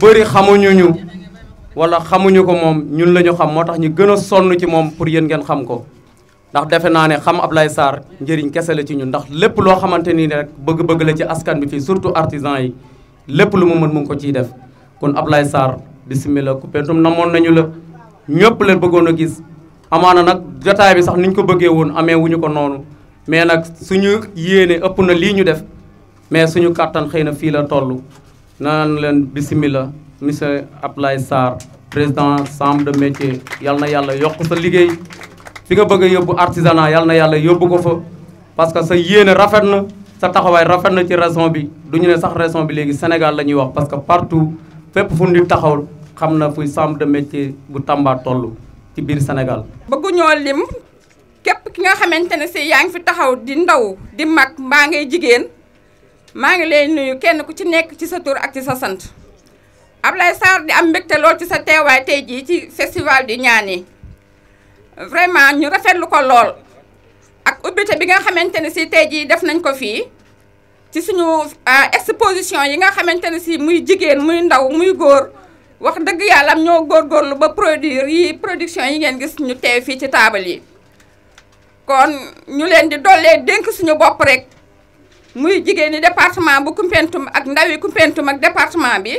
bëri xamuñu ñu wala xamuñu ko moom ñun la ñu xam moo tax ñu gën a sonn ci moom pour yéen ngeen xam ko ndax defe naa ne xam ab Ablaye saar njëriñ kese la ci ñun ndax lépp loo xamante ni rek bëgg-bëgg la ci askan bi fii surtout artisan yi lépp lu mu mën mu ko ciy def kon Ablaye Sarr bisimilah ku pentum namoon nañu la ñëpp leen bëggoon a gis amaana nag jotaay bi sax niñ ko bëggee woon amee wuñu ko noonu mais nag suñu yéene ëpp na lii ñu def mais suñu kàttan xëy na fii la toll naan leen bisimila monsieur Ablaye Sarr président chambre de métier yal na yàlla yokk sa liggéey fi nga bëgg a yóbbu artisanat yal na yàlla yóbbu ko fa parce que sa yéene rafet na sa taxawaay rafet na ci région bi du ñu ne sax raison bi léegi Sénégal la ñuy wax parce que partout fépp fu ñu taxaw xam na fuy chambre de métier bu Tamba toll ci biir Sénégal. bëgguñoo lim képp ki nga xamante ne si yaa ngi fi taxaw di ndaw di mag mbaa ngay jigéen. maa ngi lay nuyu kenn ku ci nekk ci sa tur ak ci sa sant Ablaye Sarr di am mbégte lool ci sa teewaay tey jii ci festival di ñaan yi vraiment ñu rafetlu ko lool ak ubbite bi nga xamante ne si tey jii def nañ ko fii ci suñu euh, exposition yi nga xamante ne si muy jigéen muy ndaw muy góor wax dëgg yàlla ñoo góorgóorlu ba produire yi production yi ngeen gis ñu teew fii ci table yi kon ñu leen di dollee dénk suñu bopp rek. muy jigéen ñi département bu Koumpentoum ak ndawi Koumpentoum ak département bi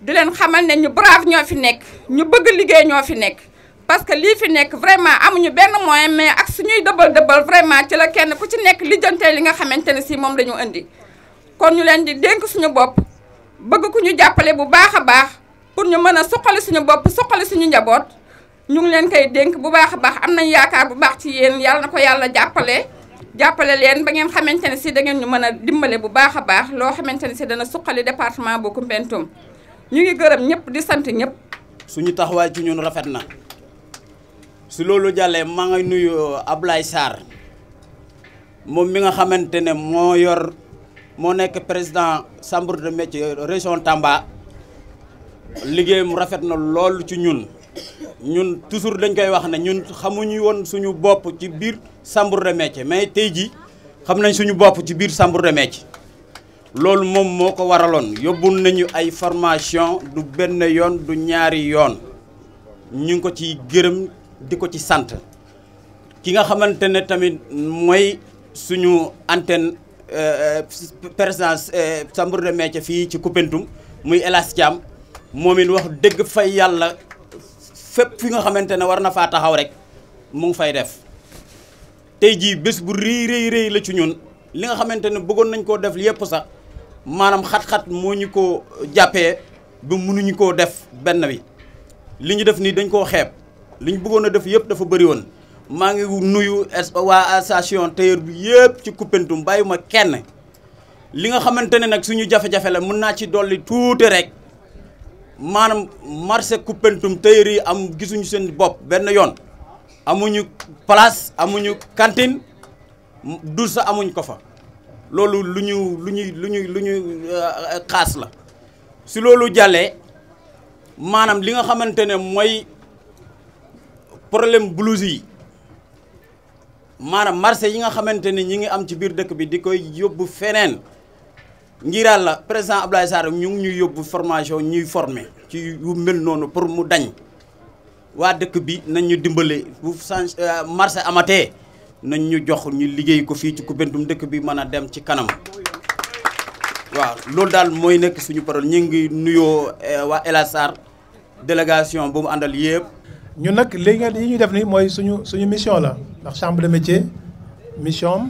di leen xamal ne ñu brave ñoo fi nekk ñu bëgg liggéey ñoo fi nekk parce que lii fi nekk vraiment amuñu benn moyen mais ak suñuy dëbal dëbal vraiment ci la kenn ku ci nekk lijjantee li nga xamante ne si moom la ñu indi kon ñu leen di dénk suñu bopp bëgg ku ñu jàppale bu baax a baax pour ñu mën a suqali suñu bopp suqali suñu njaboot ñu ngi leen koy dénk bu baax a baax am nañ yaakaar bu baax ci yéen yàlla na ko yàlla jàppale jappale len ba ngeen xamante ci da ngeen ñu mëna dimbalé bu baaxa baax lo xamante ci dana suqali département bu kumpentum ñu ngi gëreem ñepp di sant ñepp suñu taxawaay ci ñun rafetna su lolu jalle ma ngay nuyu Ablaye Sarr mom mi nga xamante mo yor mo nek président chambre de métier région Tamba liggéey mu rafetna lolu ci ñun ñun toujours dañ koy wax na ñun xamuñu won suñu bop ci bir chambre de métier mais tey jii xam nañ suñu bop ci bir chambre de métier lool mom moko waralon yobul nañu ay formation du benn yoon du ñaari yoon ñu ko ci gërem di ci sante ki nga xamantene tamit moy suñu antenne euh, présidence chambre euh, de métier fi ci coupentum muy El Hadj wax deug fay yalla fépp fi nga xamante ne war na faa taxaw rek mu ngi fay def tey jii bés bu rëy rëy rëy la ci ñun li nga xamante ne bëggoon nañ koo def yépp sax maanaam xat-xat moo ñu ko jàppee ba mënuñu koo def benn bi li ñu def nii dañ koo xeeb li ñu bëggoon a def yépp dafa bëri woon maa ngi nuyu waa station tailleur bi yépp ci Koupentoum bàyyi ma kenn li nga xamante ne nag suñu jafe-jafe la mën naa ci dolli tuuti rek manam marché coupentum teyri am gisunu sen bop ben yon amuñu place amuñu cantine dul sa amuñ ko fa luni luñu luñu luñu luñu khas euh, la si lolou jalle manam li nga xamantene moy problème blouse yi manam marché yi nga xamantene ñi ngi am ci biir dëkk bi di yobbu fenen ngir yàlla président Abdoulaye Sarr ñu ñuy yóbbu formation ñuy formé ci yu mel nonu pour mu dañ wa dëkk bi nañu ñu bu euh, marché amaté nañu jox ñu liggéey ko fi ci Koumpentoum dëkk bi mëna dem ci kanam wa lool dal moy nekk suñu parole ñi ngi nuyo euh, wa Elassar délégation bu mu andal yëpp. ñu nak léegi nga yi ñuy def ni moy suñu suñu mission la ndax chambre de métier mission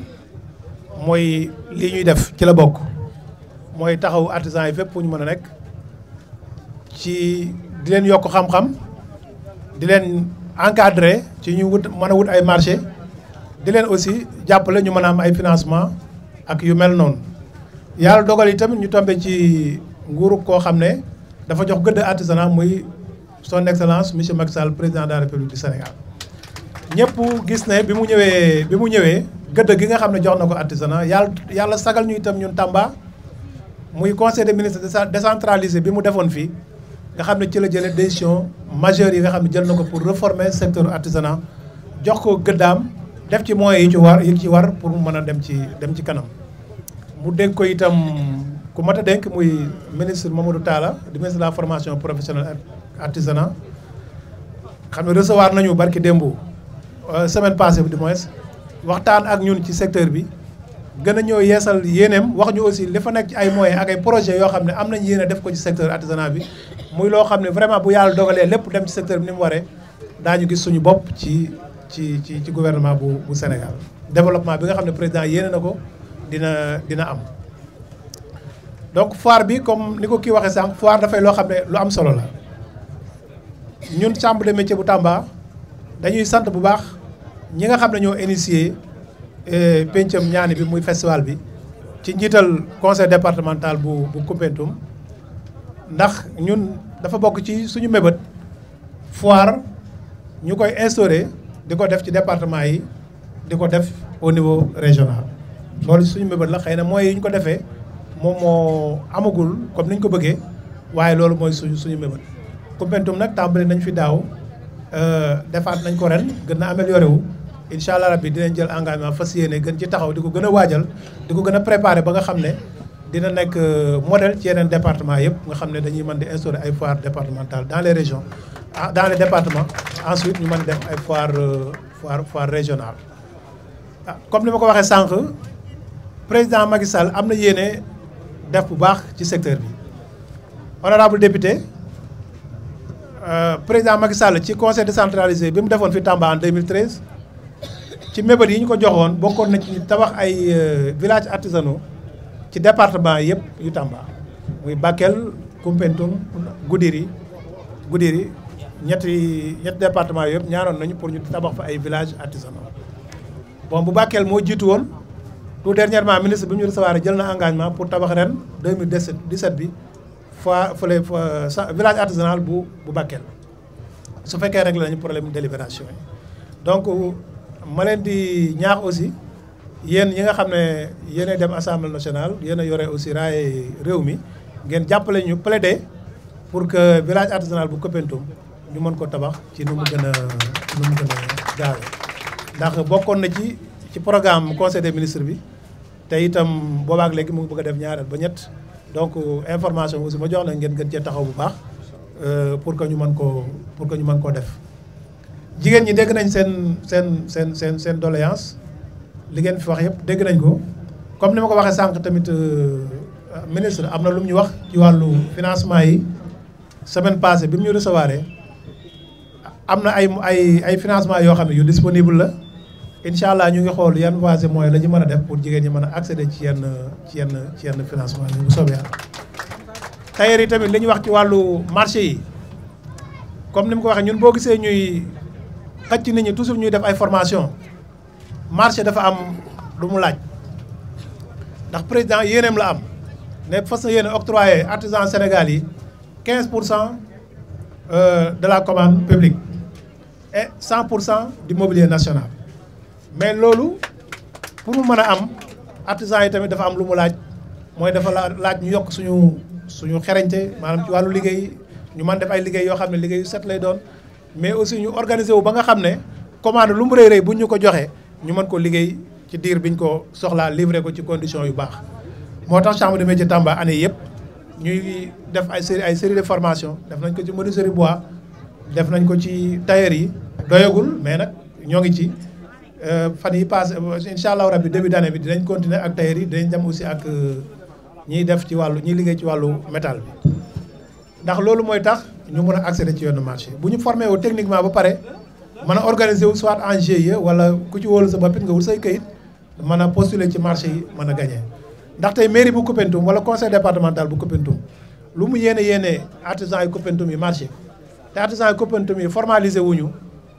moy li ñuy def ci la bokk. mooy taxaw artisan yi fépp fu ñu mën a rek ci di leen yokk xam-xam di leen encadrer ci ñu wut mën a wut ay marché di leen aussi jàppale ñu mën a am ay financement ak yu mel noonu yàlla dogal yi tamit ñu tombe ci nguuru koo xam ne dafa jox gëdd artisanat muy son excellence monsieur Macky Sall président de la république du Sénégal ñëpp gis ne bi mu ñëwee bi mu ñëwee gëdd gi nga xam ne jox na ko artisanat yàlla yàlla sagal ñu itam ñun Tamba muy conseil de ministres décentralisé bi mu defoon fii nga xam ne ci la jëlee décision majeure yi nga xam ne jël na ko pour réformer secteur artisanat jox ko gëddaam def ci moyens yi ci war yi ci war pour mu mën a dem ci dem ci kanam mu denk ko itam ku mat a dénk muy ministre Mamadou Talla di ministre de la formation professionnelle artisanat xam ne recevoir nañu barki démb euh, semaine passé passée du moins waxtaan ak ñun ci secteur bi gën a ñëw yeesal yéeneem wax ñu aussi li fa nekk ci ay moyens ak ay projet yoo xam ne am nañ yéene def ko ci secteur artisanat bi muy loo xam ne vraiment bu yàlla dogalee lépp dem ci secteur bi ni mu waree daañu gis suñu bopp ci ci ci ci gouvernement bu bu Sénégal développement bi nga xam ne président yéene na ko dina dina am. donc foire bi comme ni ko kii waxee sànq foire dafay loo xam ne lu am solo la ñun chambre de métier bu Tamba dañuy sant bu baax ñi nga xam ne ñoo initié. Eh, pencam ñaani bi muy festival bi ci njiital conseil départemental bu bu Koumpentoum ndax ñun dafa bokk ci suñu mébét foire ñu koy instauré di ko def ci département yi di ko def au niveau régional loolu suñu mébét la xëy na mooy yi ko defee moom moo amagul comme niñ ko bëggee waaye loolu mooy suñu suñu mébét Koumpentoum nag tàmbali nañ fi daaw euh, defaat nañ ko ren gën na amélioré wu inshallah allah rabbi dinañ jël engagement fas yéene gën ci taxaw di ko gën a waajal di a préparer ba nga xam ne dina nekk euh, modèle ci yeneen département yëpp nga xam ne dañuy mën di instaurer ay foires départementales dans les régions ah, dans les départements ensuite ñu mën def ay foires foire euh, foire régionales ah, comme ni ma ko waxee sànq président Macky Sall am na yéene def bu baax ci secteur bi honorable député euh, président Macky Sall ci conseil décentralisé bi mu defoon fi Tamba en 2013 ci mébét yi ñu ko joxoon bokkoon na ci tabax ay euh, village artisanaux ci département yëpp yu Tamba muy Bakel Koumpentoum Goudiri Goudiri ñetti ñetti département yëpp ñaaroon nañu pour ñu tabax fa ay village artisanaux bon bu Bakel moo jiitu woon tout dernièrement ministre bi ñu recevoir jël na engagement pour tabax ren 2017 bi fa fële village artisanal bu bu Bakel su fekkee la ñu problème délibération donc ma leen di ñaax aussi yéen ñi nga xam ne yéen dem assemblée national yéen a yore aussi raay réew mi ngeen jàppale ñu plaider pour que village artisanal bu Koupentoum ñu mën ko tabax ci nu mu gën a nu mu ndax bokkoon na ci ci programme conseil des ministres bi te itam boobaak léegi mu ngi bëgg def ñaareel ba ñett donc information aussi ma jox la ngeen gën cee taxaw bu baax euh, pour que ñu mën koo pour que ñu mën koo def. jigen ñi dégg nañ sen sen sen sen sen doléance li gën fi wax yépp dégg nañ ko comme ni ma ko waxee sank tamit euh, ministre amna lu ñu wax ci walu financement yi semaine passée bimu ñu recevoir amna ay ay ay financement yo xam yu disponible la inshallah ñu ngi xol yeen voies moy lañu mëna def pour jigen ñi mëna accéder ci yenn ci yenn ci yenn financement yi bu soobee yàlla. tailleur tamit li wax ci walu marché yi comme ni mu ko waxee ñun bo gisee ñuy. xëcc nit ñi toujours ñuy def ay formation marché dafa am lu mu laaj ndax président yéeneem la am ne fas na yéene octroyé artisan Sénégal yi 15 euh, de la commande publique et 100 du mobilier national mais loolu pour mu mën a am artisan yi tamit dafa am lu mu laaj mooy dafa laaj ñu yokk suñu suñu xereñte maanaam ci wàllu liggéey ñu mën def ay liggéey yoo xam ne liggéey yu set lay doon mais aussi ñu organiser wu ba nga xam ne commande lu mu reey reey bu ñu ko joxee ñu mën ko liggéey ci diir biñ ko soxla livrer ko ci condition yu baax motax chambre de métier Tamba année yépp ñuy def ay série ay série de formation def nañ ko ci menuiserie bois def nañ ko ci tailleur yi doyagul mais nak ñoo ngi ci euh, fan yi passé inshallah rabbi début d'année bi dinañ continuer ak tailleur yi dinañ dem aussi ak euh, ñi def ci walu ñi liggéey ci walu métal bi ndax loolu mooy tax ñu mën a accéder ci yoonu marché bu ñu formé wu techniquement ba pare mën a organiser wu soit en GIE wala ku ci wóolu sa bopp it nga wut say kayit mën a postuler ci marché yi mën a gagné. ndax tey mairie bu Koupentoum wala conseil départemental bu Koupentoum lu mu yéene yéene artisan yi Koupentoum yi marché te artisan yi Koupentoum yi formalisé wuñu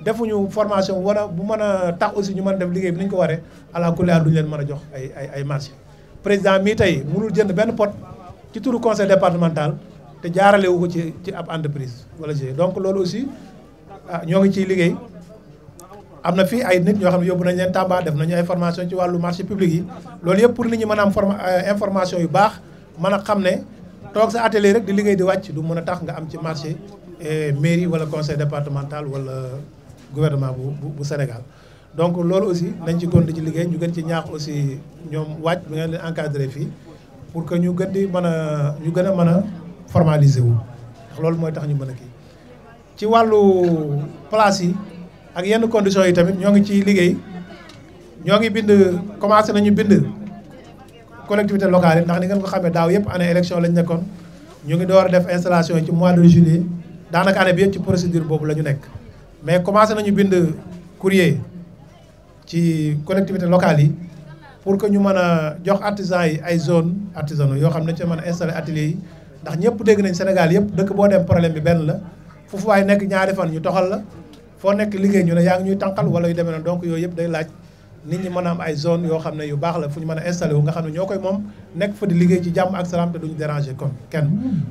defuñu formation wala bu mën a tax aussi ñu mën a def liggéey bi ni ko waree ala kulli duñu leen mën a jox ay ay ay marché président mii tey mënul jënd benn pot ci turu conseil départemental. te jaarale wu ci ci ab entreprise wala je donc lolu aussi ah ñoo ngi ci liggéey amna na ay nit ñoo xam yobbu nañ leen Tamba def nañu ay formation ci walu marché public yi lolu yëpp pour nit ñi mëna am euh, information yu baax mëna a tok ne sa atelier rek di liggéey di wacc du mëna tax nga am ci marché euh, mairie wala conseil départemental wala gouvernement bu bu Sénégal. donc lolu aussi nañ ci gën ci liggéey ñu gën ci ñaax aussi ñom wacc bu ngeen encadrer fi pour que ñu gën mëna ñu gëna mëna formalisé wu ndax loolu mooy tax ñu mën a kii ci wàllu place yi ak yenn conditions yi tamit ñoo ngi ci liggéey ñoo ngi bind commencé nañu bind collectivité locale yi ndax ni ngeen ko xamee daaw yëpp année élection lañ nekkoon ñu ngi door def installation yi ci de juillet daanaka année bi yëpp ci procédure boobu la ñu nekk mais commencé nañu bind courrier ci collectivité locale yi pour que ñu mën a jox artisans yi ay zone artisanaux yoo xam ne ci mën a installer atelier yi ndax ñëpp dégg nañ Sénégal yëpp dëkk boo dem problème bi benn la foofu waaye nekk ñaari fan ñu toxal la foo nekk liggéey ñu ne yaa ngi ñuy tànqal wala yu demee noonu donc yooyu yëpp day laaj nit ñi mën a am ay zone yoo xam ne yu baax la fu ñu mën a installé wu nga xam ne ñoo koy moom nekk fa di liggéey jàmm ak salaam te duñu déranger kon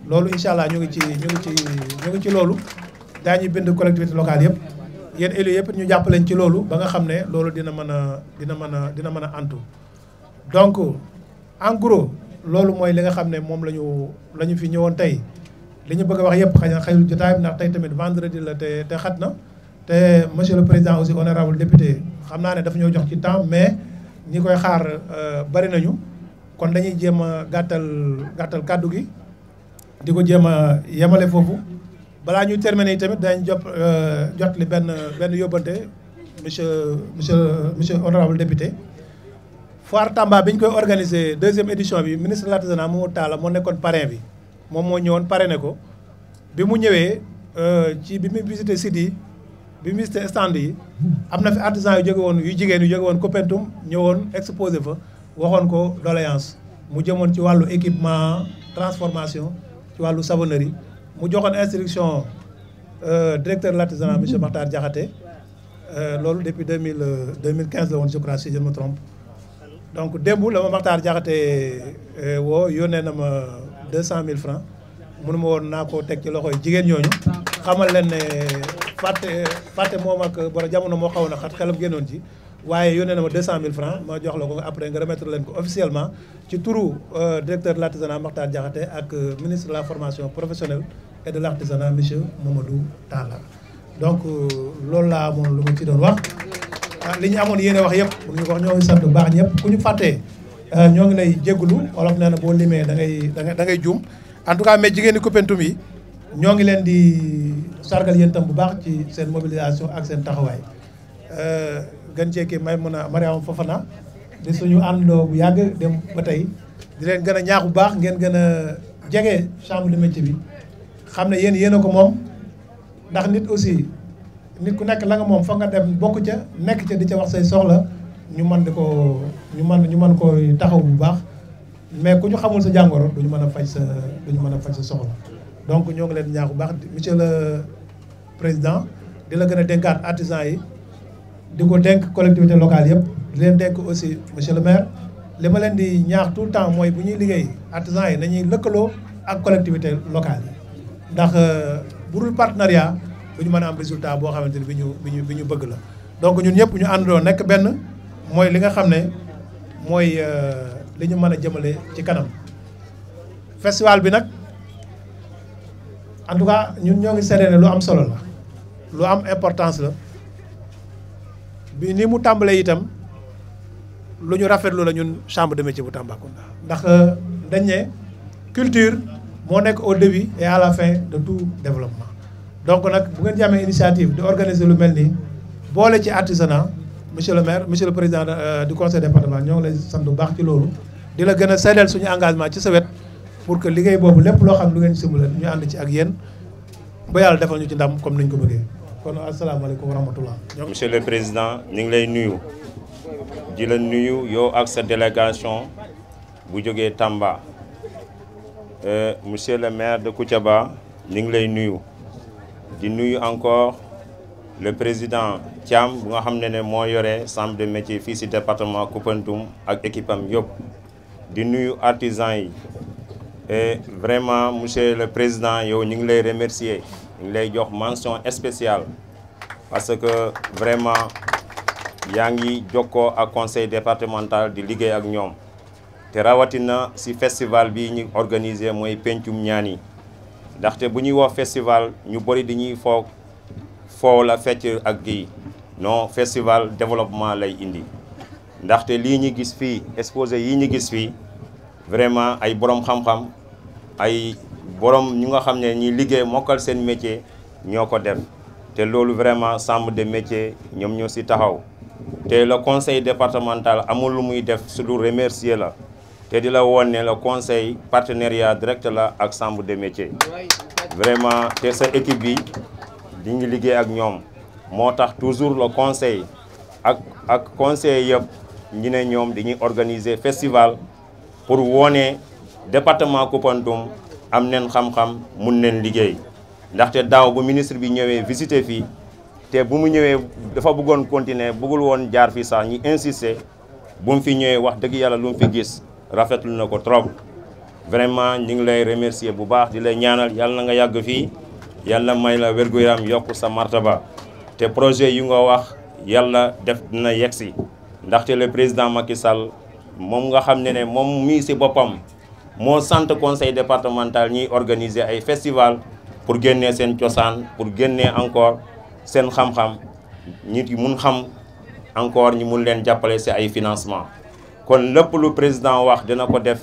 loolu incha allah ñu ngi ci ñu ci ñu ngi ci loolu daañuy bind collectivité locale yëpp yéen élus yëpp ñu jàppaleen ci loolu ba nga xam ne loolu dina mën a dina mën a dina mën a antu donc en loolu mooy li nga xam ne moom la ñu la ñu fi ñëwoon tey li ñu bëgg a wax yëpp xëy na xëyul jotaay ndax tey tamit vendredi la te te xat na te monsieur le président aussi honorable député xam naa ne dafa ñoo jox ci temps mais ñi koy xaar euh, bari nañu kon dañuy jéem a gàttal gàttal kàddu gi di ko jéem a yemale foofu balaa ñuy terminer yi tamit dañ jot euh, jot li benn benn yóbbante monsieur monsieur monsieur honorable député foire Tamba bi koy organiser deuxième édition bi ministre de l'artisanat Mamadou Talla moo nekkoon parrain bi mom mo ñëwoon parrainé ko bi mu euh ci bi mu visité site bi mu visité stand yi amna fi artisan yu jóge won yu jigéen yu jóge won Copentum ñëwoon exposer fa waxoon ko doléance mu jëmon ci walu équipement transformation ci walu savonnerie mu joxoon instruction euh, directeur de l'artisanat monsieur Makhtar Diakhaté euh, lolu depuis 2000 mille deux mille euh, la je crois si je me trompe donc démb la ma Maxtaar Jaxate euh, wo yónnee na ma 200 000 francs munu ma won na ko tek ci loxoy jigen ñooñu xamal leen ne fàtte fàtte moom ak borom jamono mo xawna xat xelam gennon ci waye yónnee na 200 000 francs ma jox la ko après nga remettre leen ko officiellement ci turu euh, directeur de l'artisanat Maxtaar Jaxate ak euh, ministre de la formation professionnelle et de l'artisanat monsieur Mamadou Talla donc lool la amon lu ma ci doon wax Ah, li ñu amoon yéene wax yëpp ñu ko wax ñoo ngi sant bu baax ñëpp ku ñu fàttee euh, ñoo ngi lay jégalu wolof nee ne boo limee da dangay da ngay da juum en tout cas mais jigéen ñi Koupentoum ñoo ngi leen di sargal yéen itam bu baax ci seen mobilisation ak seen taxawaay euh, gën cee may mën a Mariama Fofana di suñu àndoo bu yàgg dem ba tey di leen gën a ñaax bu baax ngeen gën a jege chambre de bi xam ne yéen yéen a ko moom ndax nit aussi nit ku nekk la moom fa nga dem bokk ca nekk ca di ca wax say soxla ñu man di ko ñu mën ñu mën ko taxaw bu baax mais ku ñu xamul sa jàngoro duñu mën a faj sa duñu mën a faj sa soxla donc ñoo ngi leen ñaax bu baax monsieur la président di la gën a dénkaat artisan yi di ko dénk collectivité locale yëpp di leen dénk aussi monsieur le maire li ma leen di ñaax tout le temps mooy bu ñuy liggéey artisan yi nañuy lëkkaloo ak collectivité locale yi ndax euh, bu dul partenariat bu ñu mën a am résultat boo xamante ni bi ñu bi ñu bi ñu bëgg la donc ñun ñëpp ñu àndandoo nekk benn mooy li nga xam ne mooy euh, li ñu mën a jëmale ci kanam festival bi nag en tout cas ñun ñoo ngi seetee lu am solo la lu am importance la bi ni mu tàmbalee itam lu ñu rafetlu la ñun chambre de métier bu Tambacounda ndax euh, dañ ne culture moo nekk au début et à la fin de tout développement donc on a une initiative d'organiser le lu pour Pour monsieur le maire monsieur le président euh, du conseil départemental nous lay engagement pour que les gens ne xam lu ngeen de se faire. comme nous monsieur le président nous sommes délégation euh, monsieur le maire de Koutiaba nous di nuyu encore le président Thiam bu nga xamné né mo yoré centre de métier fii ci département Koupentoum ak équipe am di nuyu artisan et vraiment monsieur le président yow ñing lay remercier ñing lay jox mention spéciale parce que vraiment Yangi ngi jokkoo ak conseil départemental di liggéey ak ñom té rawatina ci festival bi ñi organiser moy pentum ñaan ndaxte avons festival nous bari dañuy la fête ak non festival développement lay indi ndaxte exposé yi de gis nous vraiment ay borom xam-xam ay borom ñu nga un ñi métier def vraiment chambre de métier ñom ñoo ci le conseil départemental amul lu muy def su remercier la te di la woon ne la conseil partenariat direct la ak chambre des métiers vraiment te sa équipe bi di ngi liggéey ak ñoom moo toujours le conseil ak ak conseil yëpp ñu ne ñoom organiser festival pour woone département Koupantoum am neen xam-xam mun neen liggéey ndaxte daaw bu ministre bi ñëwee visiter fii te bu mu ñëwee dafa bëggoon continuer bëggul woon jaar fii sax ñu insister bu mu fi ñëwee wax dëgg yàlla lu mu fi gis Rafet na ko trop vraiment ñu ngi lay remercier bu baax di lay ñaanal yalla nga yag fi yalla may la wergu yaram sa martaba te projet yu nga wax yalla def yexi ndax ndaxte le président Macky Sall moom nga xam ne mom mi ci bopam mo moo conseil départemental ñi organiser ay festival pour génnee sen cosaan pour génnee encore sen xam-xam nit yi mun xam encore ñi mun len jappalé ci ay financement kon lepp lu président wax dina ko def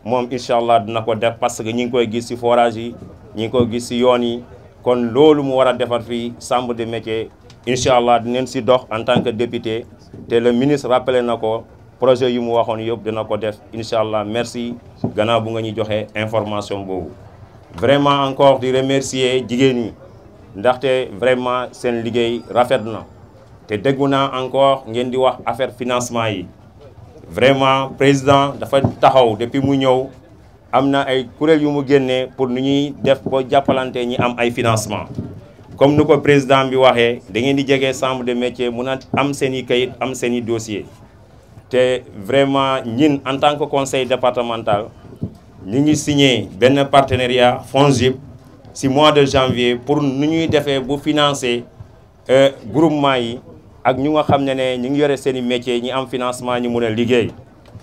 mom inshallah dina ko def parce que ñi ngi koy gis ci forage yi ñi ngi koy gis ci yoon yi kon loolu mu wara a defar fii chambre de métier inshallah dinen ci dox en tant que député té le ministre rappelé nako projet yu mu waxone yop dina ko def inshallah merci gannaaw bu nga ñi joxé information boobu vraiment encore di remercier jigéen ñi ndaxte vraiment sen liguey rafetna té te déggu encore ngeen di wax affaire financement yi vraiment président dafa taxaw depuis mu ñew amna ay kuréel yu mu génné pour nous def ba jappalanté ñi am ay financement comme nous président bi waxé da ngeen di jege chambre de métier mu na am seni kayit am seni dossier té vraiment ñin en tant que conseil départemental nous ngi signé ben partenariat FONGIP si mois de janvier pour nous faire financer bu financer euh, groupement yi ak ñu nga xam ne ne ñu ngi yore seeni i métier ñi am financement ñu mun a liggéey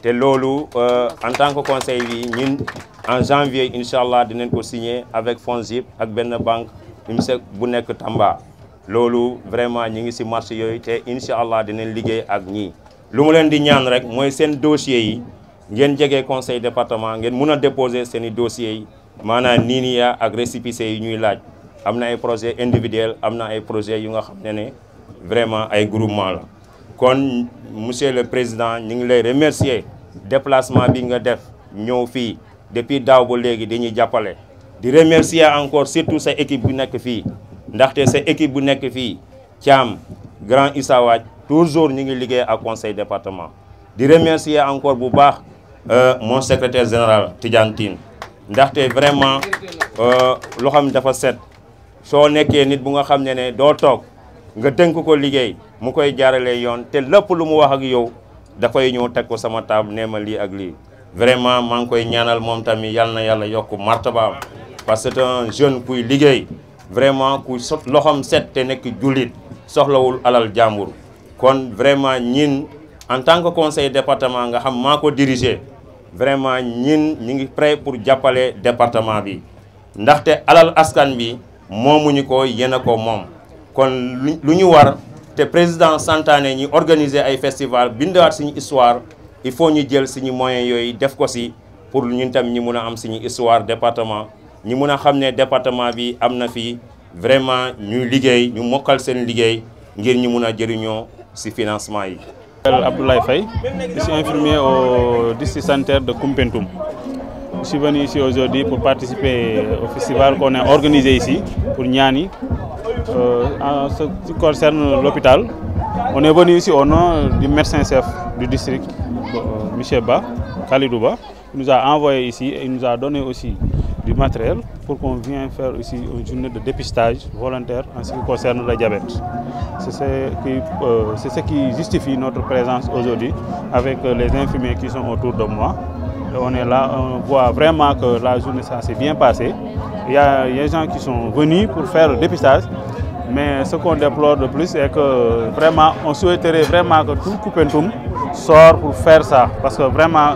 te loolu euh, en tant que conseil bi ñun en janvier incha allah dinañ ko signer avec FONGIP ak benn banque UMSEC bu nekk Tamba loolu vraiment ñi ngi si marché yooyu te incha allah dinañ liggéey ak ñii lu mu leen di ñaan rek mooy seen dossiers yi ngeen jege conseil département ngeen mun a déposer seen i dossiers yi maanaam nii nii ak récépissé yi ñuy laaj am na ay projet individuel am na ay projet yu nga xam ne ne vraiment ay groupement la kon monsieur le président nous remercie lay remercier déplacement bi nga def ñëw depuis daaw ba léegi dañuy jàppale di remercier encore surtout cette équipe bu est ici. ndaxte sa équipe qui est ici, Tiam, Grand Issa toujours nous ngi au conseil département di remercier encore bu euh, mon secrétaire général Tidiane Nous ndaxte vraiment euh, loo xam dafa set soo nekkee nit bu nga xam nga dénk ko liggey mu koy jaarale yoon te lepp lu mu wax ak yow dafay ñëw teg ko sama tab nee li ak li vraiment maa koy ñaanal mom tammi yalna yalla yàlla martaba parce que c'est un jeune kuy liggey vraiment ku sot loxam set te nekk jullit soxlawul alal jambour kon vraiment ñin en tant que conseil département nga xam mako diriger vraiment ñin ñi ngi prêt pour jappalé département bi ndaxte alal askan bi moomuñu ko yéen a ko moom kon luñu war te président santané ñi organiser ay festival histoire il faut nous jël suñu moyens pour tam ñi am département ñi département bi vraiment liggéey ñu financement Abdoulaye Faye je suis infirmier au district sanitaire de Kumpentoum je suis venu ici aujourd'hui pour participer au festival qu'on a organisé ici pour Niani. Euh, en ce qui concerne l'hôpital, on est venu ici au nom du médecin-chef du district, euh, Michel Ba, Kalidouba. Il nous a envoyé ici et il nous a donné aussi du matériel pour qu'on vienne faire ici une journée de dépistage volontaire en ce qui concerne la diabète. C'est ce, euh, ce qui justifie notre présence aujourd'hui avec les infirmiers qui sont autour de moi on est là, on voit vraiment que la journée s'est bien passée. Il y a des gens qui sont venus pour faire le dépistage. Mais ce qu'on déplore de plus, c'est que vraiment, on souhaiterait vraiment que tout le Coupentum sorte pour faire ça. Parce que vraiment,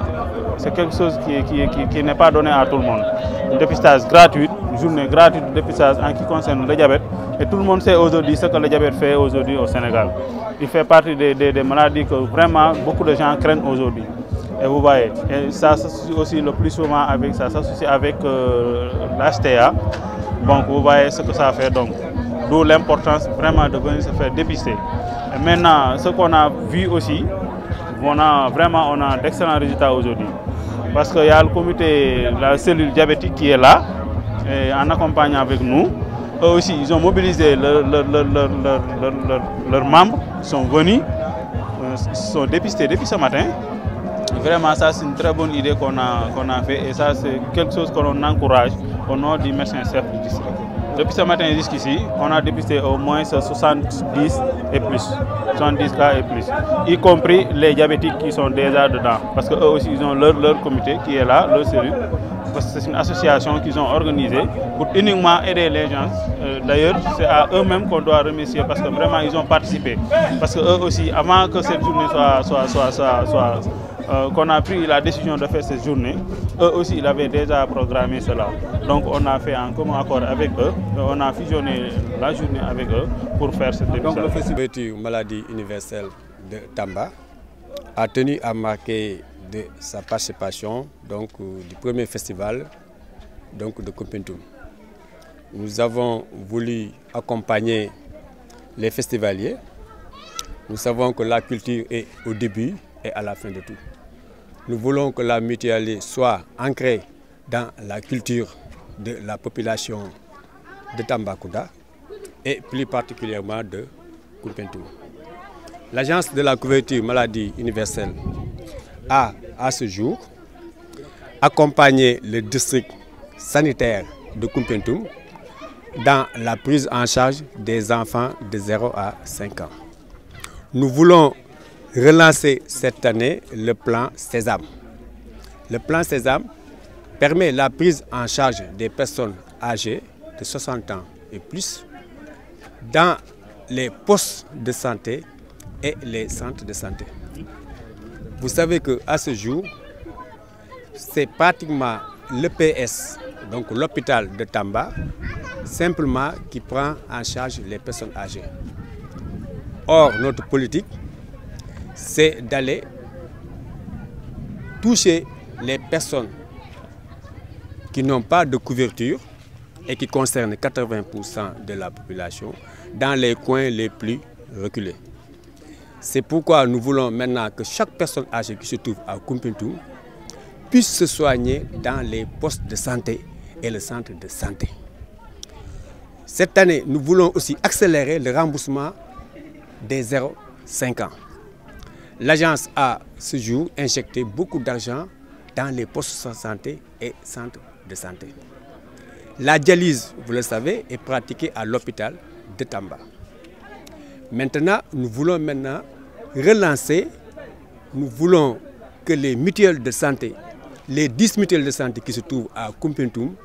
c'est quelque chose qui, n'est pas donné à tout le monde. Un dépistage gratuit, une journée gratuite de dépistage en qui concerne le diabète. Et tout le monde sait aujourd'hui ce que le diabète fait aujourd'hui au Sénégal. Il fait partie des maladies que vraiment beaucoup de gens craignent aujourd'hui. Et vous voyez, ça s'associe aussi le plus souvent avec ça, avec euh, l'HTA. Hein. Donc vous voyez ce que ça fait donc. D'où l'importance vraiment de venir se faire dépister. maintenant, ce qu'on a vu aussi, on a vraiment on a d'excellents résultats aujourd'hui. Parce qu'il y a le comité, la cellule diabétique qui est là, et en accompagnant avec nous. Eux aussi, ils ont mobilisé leurs membres, ils sont venus, euh, ils sont dépistés depuis ce matin. Vraiment, ça, c'est une très bonne idée qu'on a, qu'on a fait et ça, c'est quelque chose qu'on encourage au nom du médecin-chef Depuis ce matin jusqu'ici, on a dépisté au moins 70 et plus, 70 cas et plus, y compris les diabétiques qui sont déjà dedans, parce qu'eux aussi, ils ont leur, comité qui est là, leur cellule, parce que c'est une association qu'ils ont organisée pour uniquement aider les gens. Euh, d'ailleurs, c'est à eux-mêmes qu'on doit remercier parce que vraiment, ils ont participé. Parce qu'eux aussi, avant que cette journée soit euh, qu'on a pris la décision de faire cette journée, eux aussi, ils avaient déjà programmé cela. Donc, on a fait un commun accord avec eux, euh, on a fusionné la journée avec eux pour faire cette Donc, le festival maladie universelle de Tamba a tenu à marquer de sa participation donc, euh, du premier festival donc, de Kupintum. Nous avons voulu accompagner les festivaliers. Nous savons que la culture est au début et à la fin de tout. Nous voulons que la mutualité soit ancrée dans la culture de la population de Tambacouda et plus particulièrement de Kumpentou. L'Agence de la couverture maladie universelle a, à ce jour, accompagné le district sanitaire de Kumpentum dans la prise en charge des enfants de 0 à 5 ans. Nous voulons relancer cette année le plan Sésame. Le plan Sésame permet la prise en charge des personnes âgées de 60 ans et plus dans les postes de santé et les centres de santé. Vous savez qu'à ce jour, c'est pratiquement l'EPS, donc l'hôpital de Tamba, simplement qui prend en charge les personnes âgées. Or, notre politique c'est d'aller toucher les personnes qui n'ont pas de couverture et qui concernent 80% de la population dans les coins les plus reculés. C'est pourquoi nous voulons maintenant que chaque personne âgée qui se trouve à Kumpintu puisse se soigner dans les postes de santé et le centre de santé. Cette année, nous voulons aussi accélérer le remboursement des 0,5 ans. L'agence a, ce jour, injecté beaucoup d'argent dans les postes de santé et centres de santé. La dialyse, vous le savez, est pratiquée à l'hôpital de Tamba. Maintenant, nous voulons maintenant relancer, nous voulons que les mutuelles de santé, les 10 mutuelles de santé qui se trouvent à Kumpentum,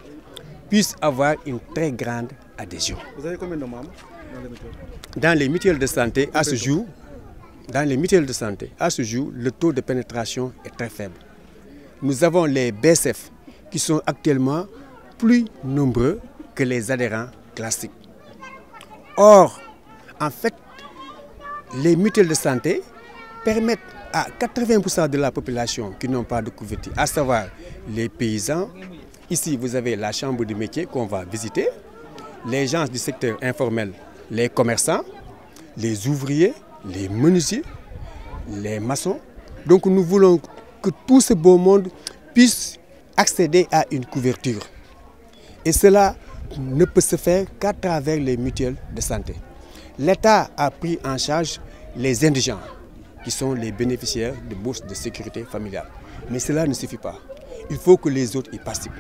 puissent avoir une très grande adhésion. Vous avez combien de membres dans les mutuelles Dans les mutuelles de santé, à ce jour, dans les mutuelles de santé, à ce jour, le taux de pénétration est très faible. Nous avons les BSF qui sont actuellement plus nombreux que les adhérents classiques. Or, en fait, les mutuelles de santé permettent à 80% de la population qui n'ont pas de couverture, à savoir les paysans. Ici, vous avez la chambre de métier qu'on va visiter, les gens du secteur informel, les commerçants, les ouvriers, les menuisiers, les maçons. Donc nous voulons que tout ce beau monde puisse accéder à une couverture. Et cela ne peut se faire qu'à travers les mutuelles de santé. L'État a pris en charge les indigents, qui sont les bénéficiaires de bourses de sécurité familiale. Mais cela ne suffit pas. Il faut que les autres y participent.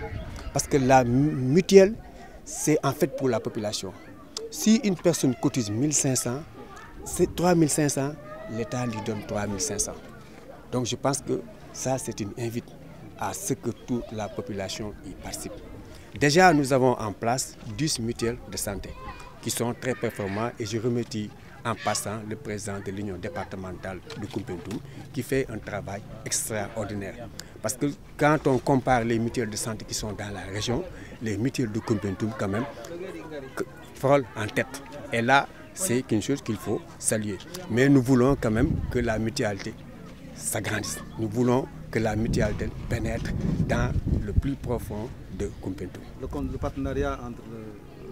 Parce que la mutuelle, c'est en fait pour la population. Si une personne cotise 1500, c'est 3500, l'État lui donne 3500. Donc je pense que ça, c'est une invite à ce que toute la population y participe. Déjà, nous avons en place 10 mutuelles de santé qui sont très performants et je remercie en passant le président de l'Union départementale de Kumpentoum qui fait un travail extraordinaire. Parce que quand on compare les mutuelles de santé qui sont dans la région, les mutuelles de Kumpentoum quand même frôlent en tête. Et là, c'est quelque chose qu'il faut saluer. Mais nous voulons quand même que la mutualité s'agrandisse. Nous voulons que la mutualité pénètre dans le plus profond de Kumpento. Le, partenariat entre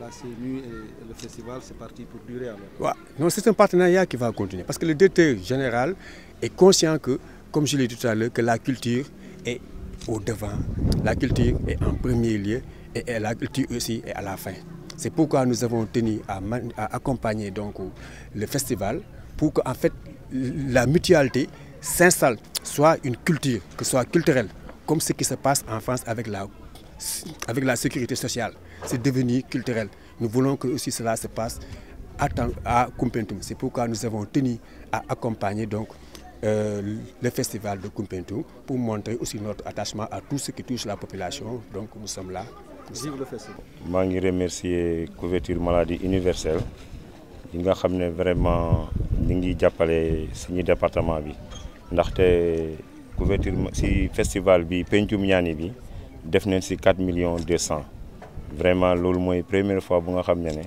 la CNU et le festival, c'est parti pour durer alors Non, c'est un partenariat qui va continuer. Parce que le directeur général est conscient que, comme je l'ai dit tout à l'heure, que la culture est au devant. La culture est en premier lieu et la culture aussi est à la fin. C'est pourquoi nous avons tenu à, accompagner donc le festival pour que fait la mutualité s'installe, soit une culture, que ce soit culturelle, comme ce qui se passe en France avec la, sécurité sociale. C'est devenu culturel. Nous voulons que aussi cela se passe à, à C'est pourquoi nous avons tenu à accompagner donc euh, le festival de Kumpentoum, pour montrer aussi notre attachement à tout ce qui touche la population. Donc nous sommes là Vive le festival. maa ngi remercier couverture maladie universelle yi nga xam ne vraiment ñu ngi jàppale suñu département bi ndaxte couverture si festival bi pencum ñaani bi def nañ si 4 millions 200 vraiment loolu mooy première fois bu nga xam ne ne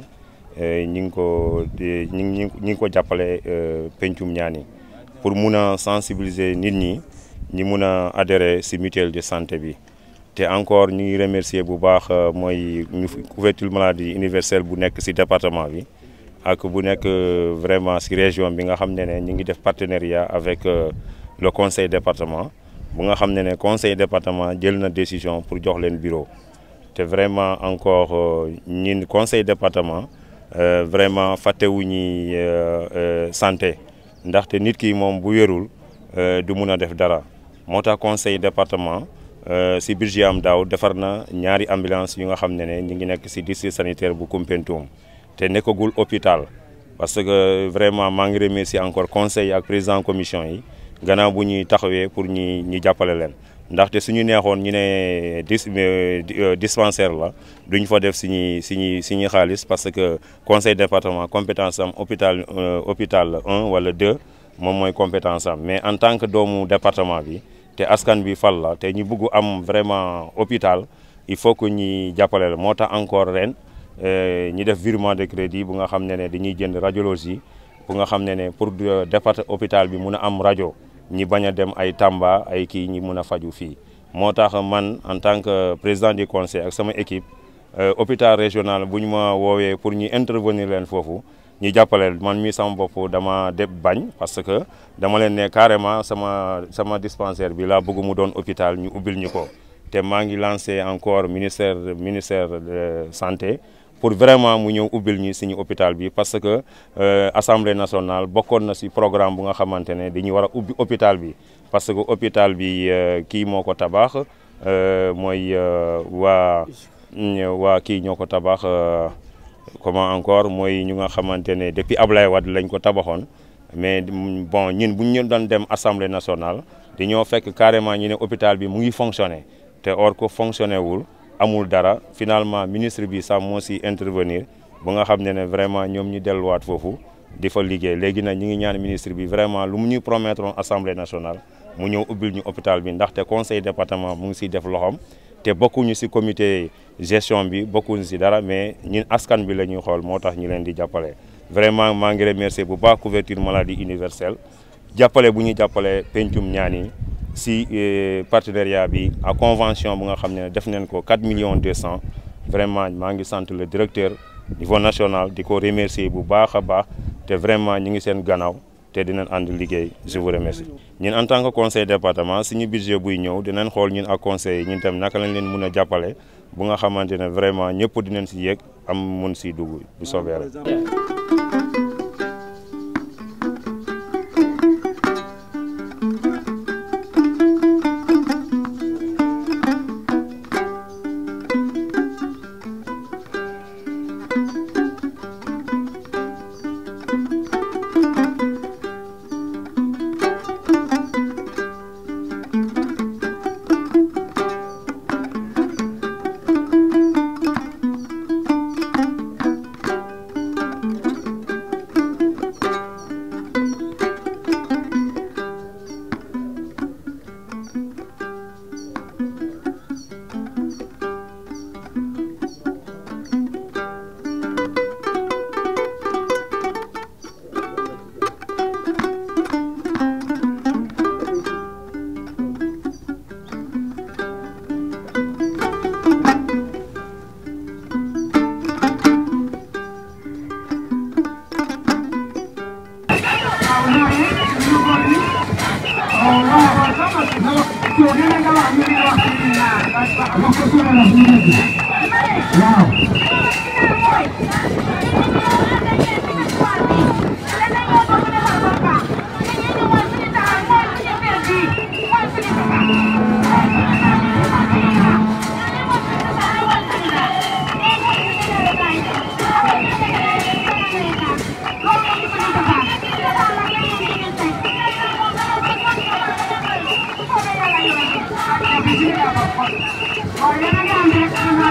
eh, ñi ngi ko eh, ñi ngi ñi ngi ko jàppale eh, pencum pour mun a sensibiliser nit ñi ñi mun a adhérer si mutuelle de santé bi té encore ñuy remercier bu baax euh, ñu couverture maladie universelle bu nek ci département bi ak bu nek euh, vraiment ci région bi nga xamné né ñi ngi def partenariat avec euh, le conseil département bu nga xamné né conseil département jël na décision pour jox leen bureau té vraiment encore ñi conseil département vraiment fàttewuñu santé té nit ki mom bu wérul du mëna def dara moo conseil département euh, si budget daw daaw defar na ñaari ambulance yu nga xamné né ñi ngi nekk ci district sanitaire bu Koumpentoum té nekkagul hôpital parce que vraiment ma ngi remercier encore conseil ak président commission yi gëna bu ñuy taxawé pour ñi ñu jàppale leen té suñu neexoon ñu né euh, euh, dispensaire la duñ fa def suñuy suñuy suñuy xaliss parce que conseil département compétence am hôpital hôpital un wala deux moom moy compétence am mais en tant que doomu département bi te askan bi fal la te ñu bëgg am vraiment hôpital il faut que ñi jàppale la moo encore ren eh, ñi def virement de crédit bu nga xamné né dañuy jënd radiologie bu nga xamné né pour euh, département hôpital bi mëna am radio. ñi baña dem ay Tamba ay ki ñi mëna faju fi moo tax man en tant que président du conseil ak sama équipe euh, hôpital régional bu pour ñi intervenir leen fofu ñu jappalé man mi sama dama parce que dama ne carrément sama sama dispensaire bi la bëgg mu doon hôpital ñu lancé encore ministère ministère de santé pour vraiment mu ñeu hôpital bi parce que euh, assemblée nationale bokon na ci programme bu nga parce que hôpital bi euh, tabax euh, comment encore mooy ñu nga xamante ne depuis Ablaye Wade lañ ko tabaxoon mais bon ñun bu ñu doon dem assemblée nationale di ñoo fekk carrément ñu ne hôpital bi mu ngi fonctionné te or ko fonctionné wul amul dara finalement ministre bi sax moo si intervenir bu nga xam ne ne vraiment ñoom ñu delluwaat foofu di fa liggéey léegi nag ñu ngi ñaan ministre bi vraiment lu mu ñuy promettre assemblée nationale mu ñëw ubbil ñu hôpital bi ndaxte conseil département mu ngi siy def loxoom. te beaucoup ci comité gestion bi ñu ci dara mais ñun askan bi la ñuy xool ñu di vraiment ma ngi remercier couverture maladie universelle jappalé bu ñu jappalé ñaani ci euh, partenariat bi à convention bu nga xamné 4 millions 200 vraiment ngi le directeur niveau national pour remercier bu baax vraiment te dinañ and liguey je vous remercie. ñun en tant que conseil département suñu budget buy ñëw dinañ xool ñun ak conseil ñun tam naka lañ leen mëna jappalé bu nga xamante ne vraiment ñëpp dinañ si yéeg am mun si dugg bu soobee rek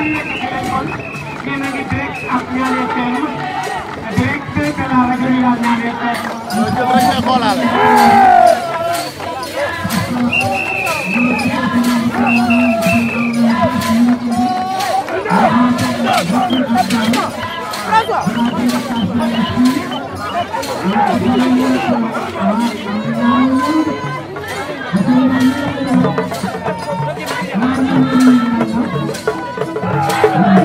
Kariyeri telefonun Demedi direkt atmaya yapıyoruz. Direkt de beraber ilerlemeye yapıyoruz. Önce bırakma kol al. Thank you.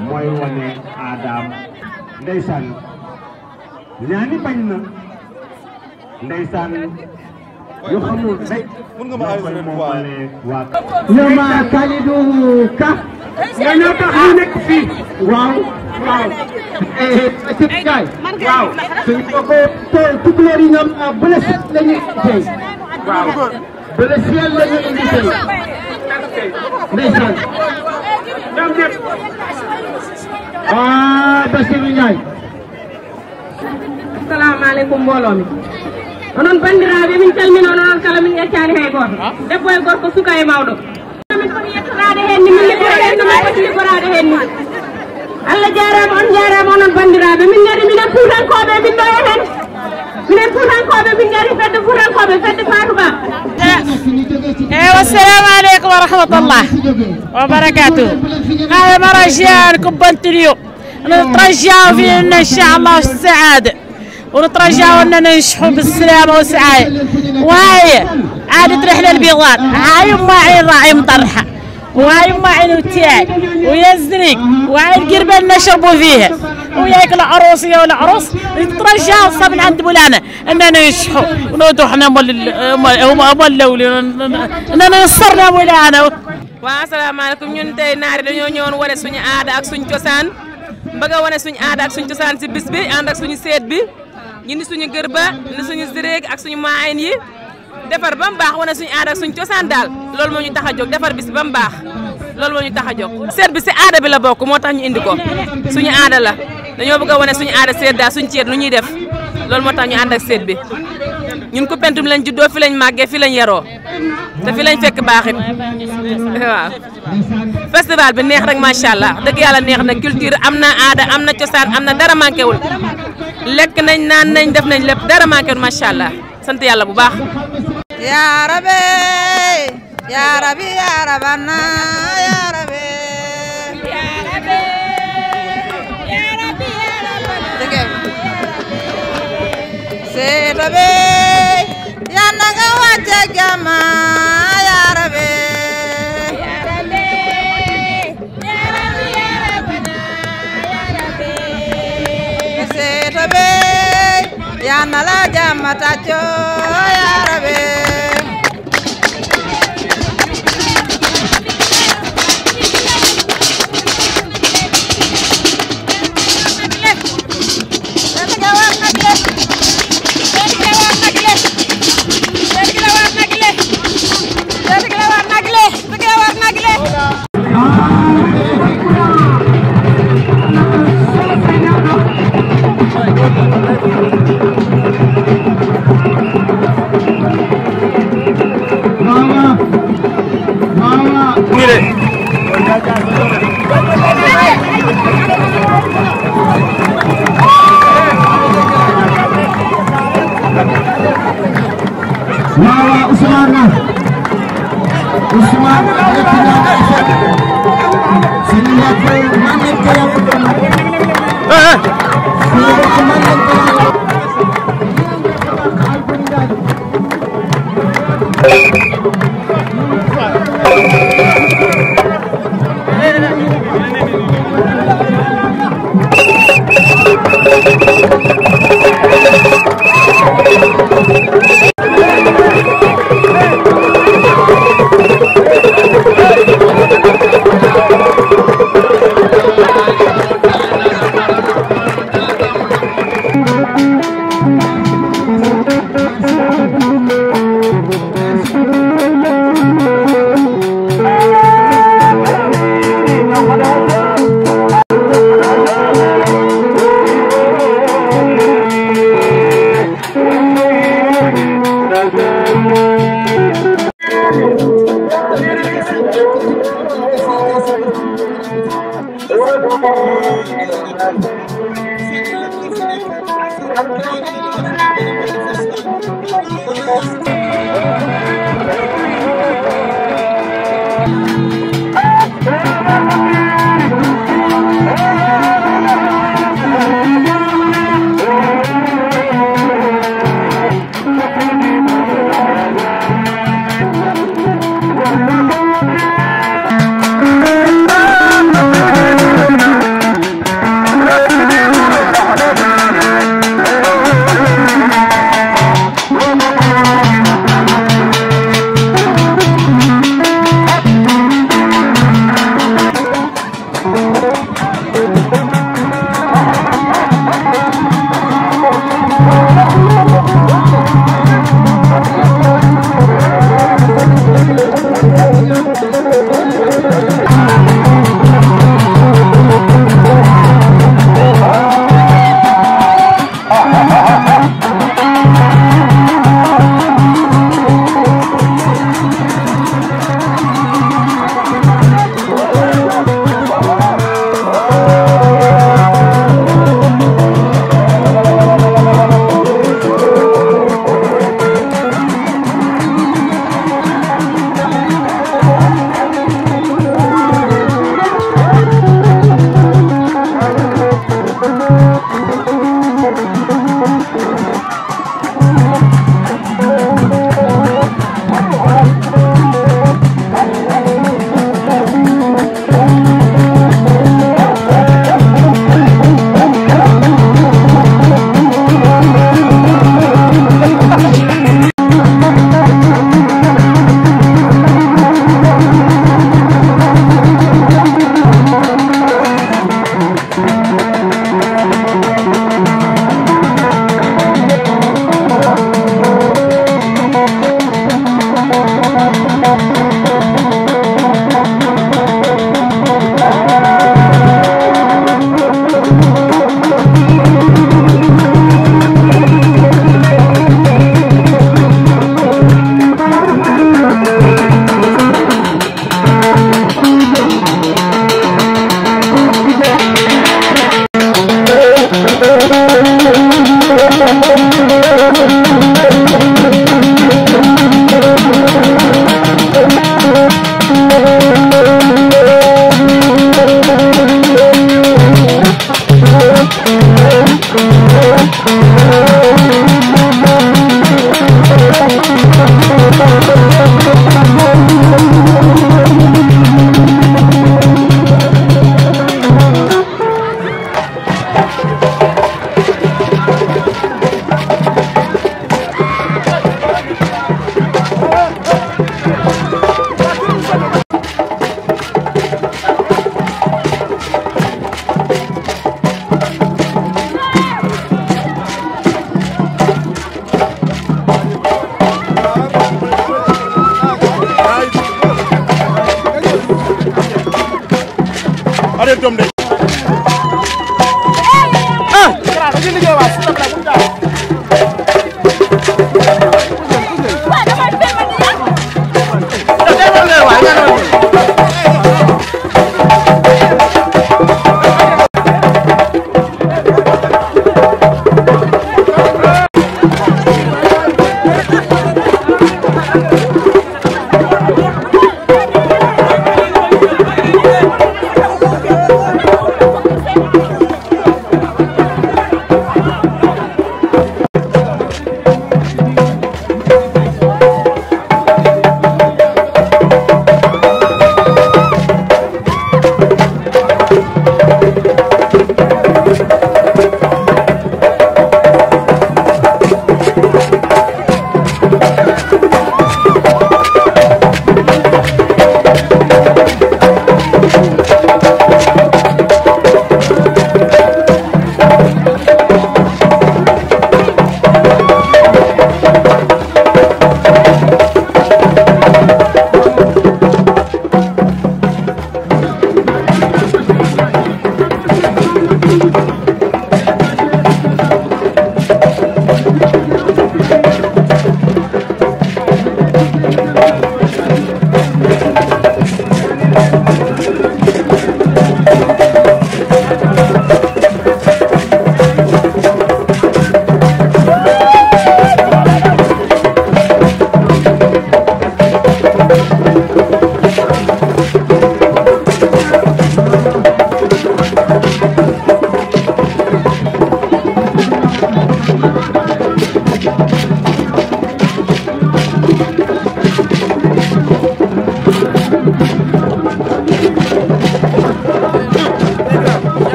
mooy wane aadaam ndeysaan ñaani bañ na ndeysaan yu xamul day ñoo koy moomale waa ñoom Kalidou Ka nga ñoo tax ñu nekk fii waaw waaw eh, eh, eh, sëñ Gaay waaw suñ ko ko tukulóor yi ñoom ah, bëles la ñuy jëy waaw bëles yàlla la ñuy indi jëy ndeysaan ñoom ñëpp ha ah, basiru ñaay assalamu aleykum mbooloo mi onoon banndiraaɓe min calminoo noon kala min yeccaani hay gooto debbo e gorko suka e mawɗo min poti yettoraade heen ni min liggoreen no min poti liggoraade heen ni allah jaaraama on jaaraama onoon banndiraaɓe min ngari minen puutankooɓee min ɗo e heen minen fuutankoɓe min gari fedde fuutankoɓe fedde fatuma eyi eh, wassalamu aleykum نترجعوا فينا ان شاء الله في السعاده ونترجعوا اننا ننجحوا بالسلامه والسعاده وهاي عادت رحله البيضاء هاي ما عين راعي مطرحه وهاي ما عينو تيعي ويزنيك وهاي القربة اللي نشربوا فيها وياك العروس يا العروس ترجع صابن عند بولانا اننا يشحوا ونودو حنا مال هما مالوا اننا نصرنا بولانا السلام عليكم ñun tay naar dañu ñëwon wone suñu aada ak suñu ciosan mbaga wone suñu aada ak suñu ciosan ci bis bi and ak suñu seet bi ñi ni suñu gërba ni suñu zireek ak suñu maayen defar ba baax wane suñu aada ak suñu cosaan daal loolu moo ñu tax a jóg defar bis ba mu baax loolu moo ñu tax a jóg. seet bi si aada bi la bokk moo tax ñu indi ko suñu aada la dañoo bëgg a wane suñu aada seet daal suñu ceet lu ñuy def loolu moo tax ñu ànd ak seet bi ñun ko pentum lañ juddoo fi lañ màggee fi lañ yaroo te fi lañ fekk baaxit waaw. festival bi neex rek macha allah dëgg yàlla neex na culture am na aada am na cosaan am na dara manqué wul lekk nañ naan nañ def nañ lépp dara manqué macha allah sant yàlla bu baax. يا ربي يا ربي يا ربنا يا ربي يا ربي يا ربي يا ربنا سي ربي يا نغا وجه جما يا ربي يا ربي يا ربي يا ربنا يا ربي سي ربي يا نلا جما تاچو Lawa Usmana Hey! Eh, eh.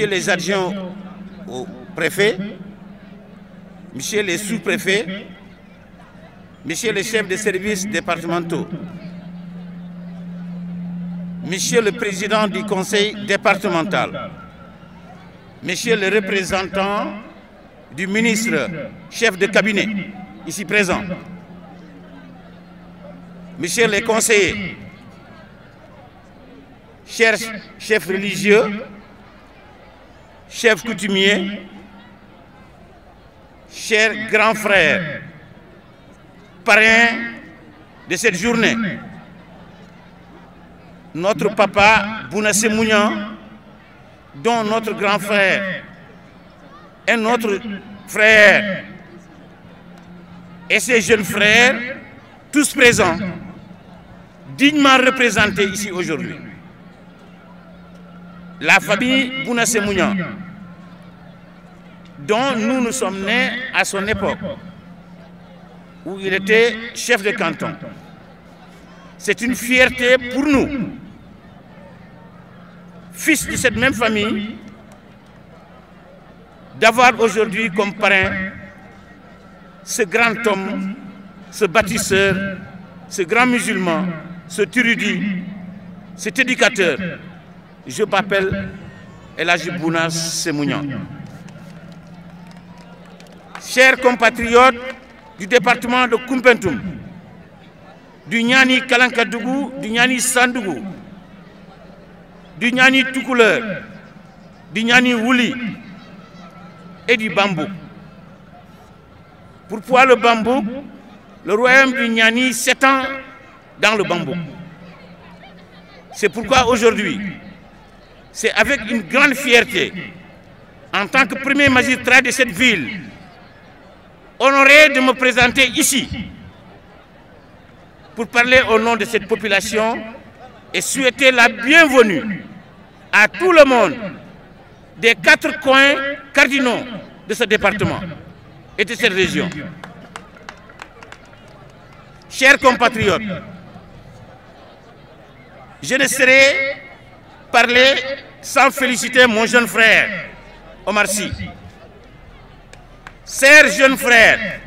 monsieur les adjoints au préfet, monsieur les sous-préfets, monsieur les chefs de services départementaux, monsieur le président du conseil départemental, monsieur le représentant du ministre, chef de cabinet, ici présent, monsieur les conseillers, chers chefs religieux, Chef coutumier, chers grands frères, parrains de cette journée, notre papa Bounassé dont notre grand frère et notre frère et ses jeunes frères, tous présents, dignement représentés ici aujourd'hui. La famille Bounassé dont nous nous sommes nés à son époque, où il était chef de canton. C'est une fierté pour nous. Fils de cette même famille, d'avoir aujourd'hui comme parrain ce grand homme, ce bâtisseur, ce grand musulman, ce turudi, cet éducateur. Je m'appelle Elagibounas Semounian chers compatriotes du département de Kumpentum, du Nyani Kalankadougou, du Nyani Sandougou, du Nyani Toukouleur, du Nyani Wouli et du Bambou. Pourquoi le Bambou Le royaume du Nyani s'étend dans le Bambou. C'est pourquoi aujourd'hui, c'est avec une grande fierté, en tant que premier magistrat de cette ville, honoré de me présenter ici pour parler au nom de cette population et souhaiter la bienvenue à tout le monde des quatre coins cardinaux de ce département et de cette région. Chers compatriotes, je ne serai parler sans féliciter mon jeune frère Omar Sy Chers jeunes frères,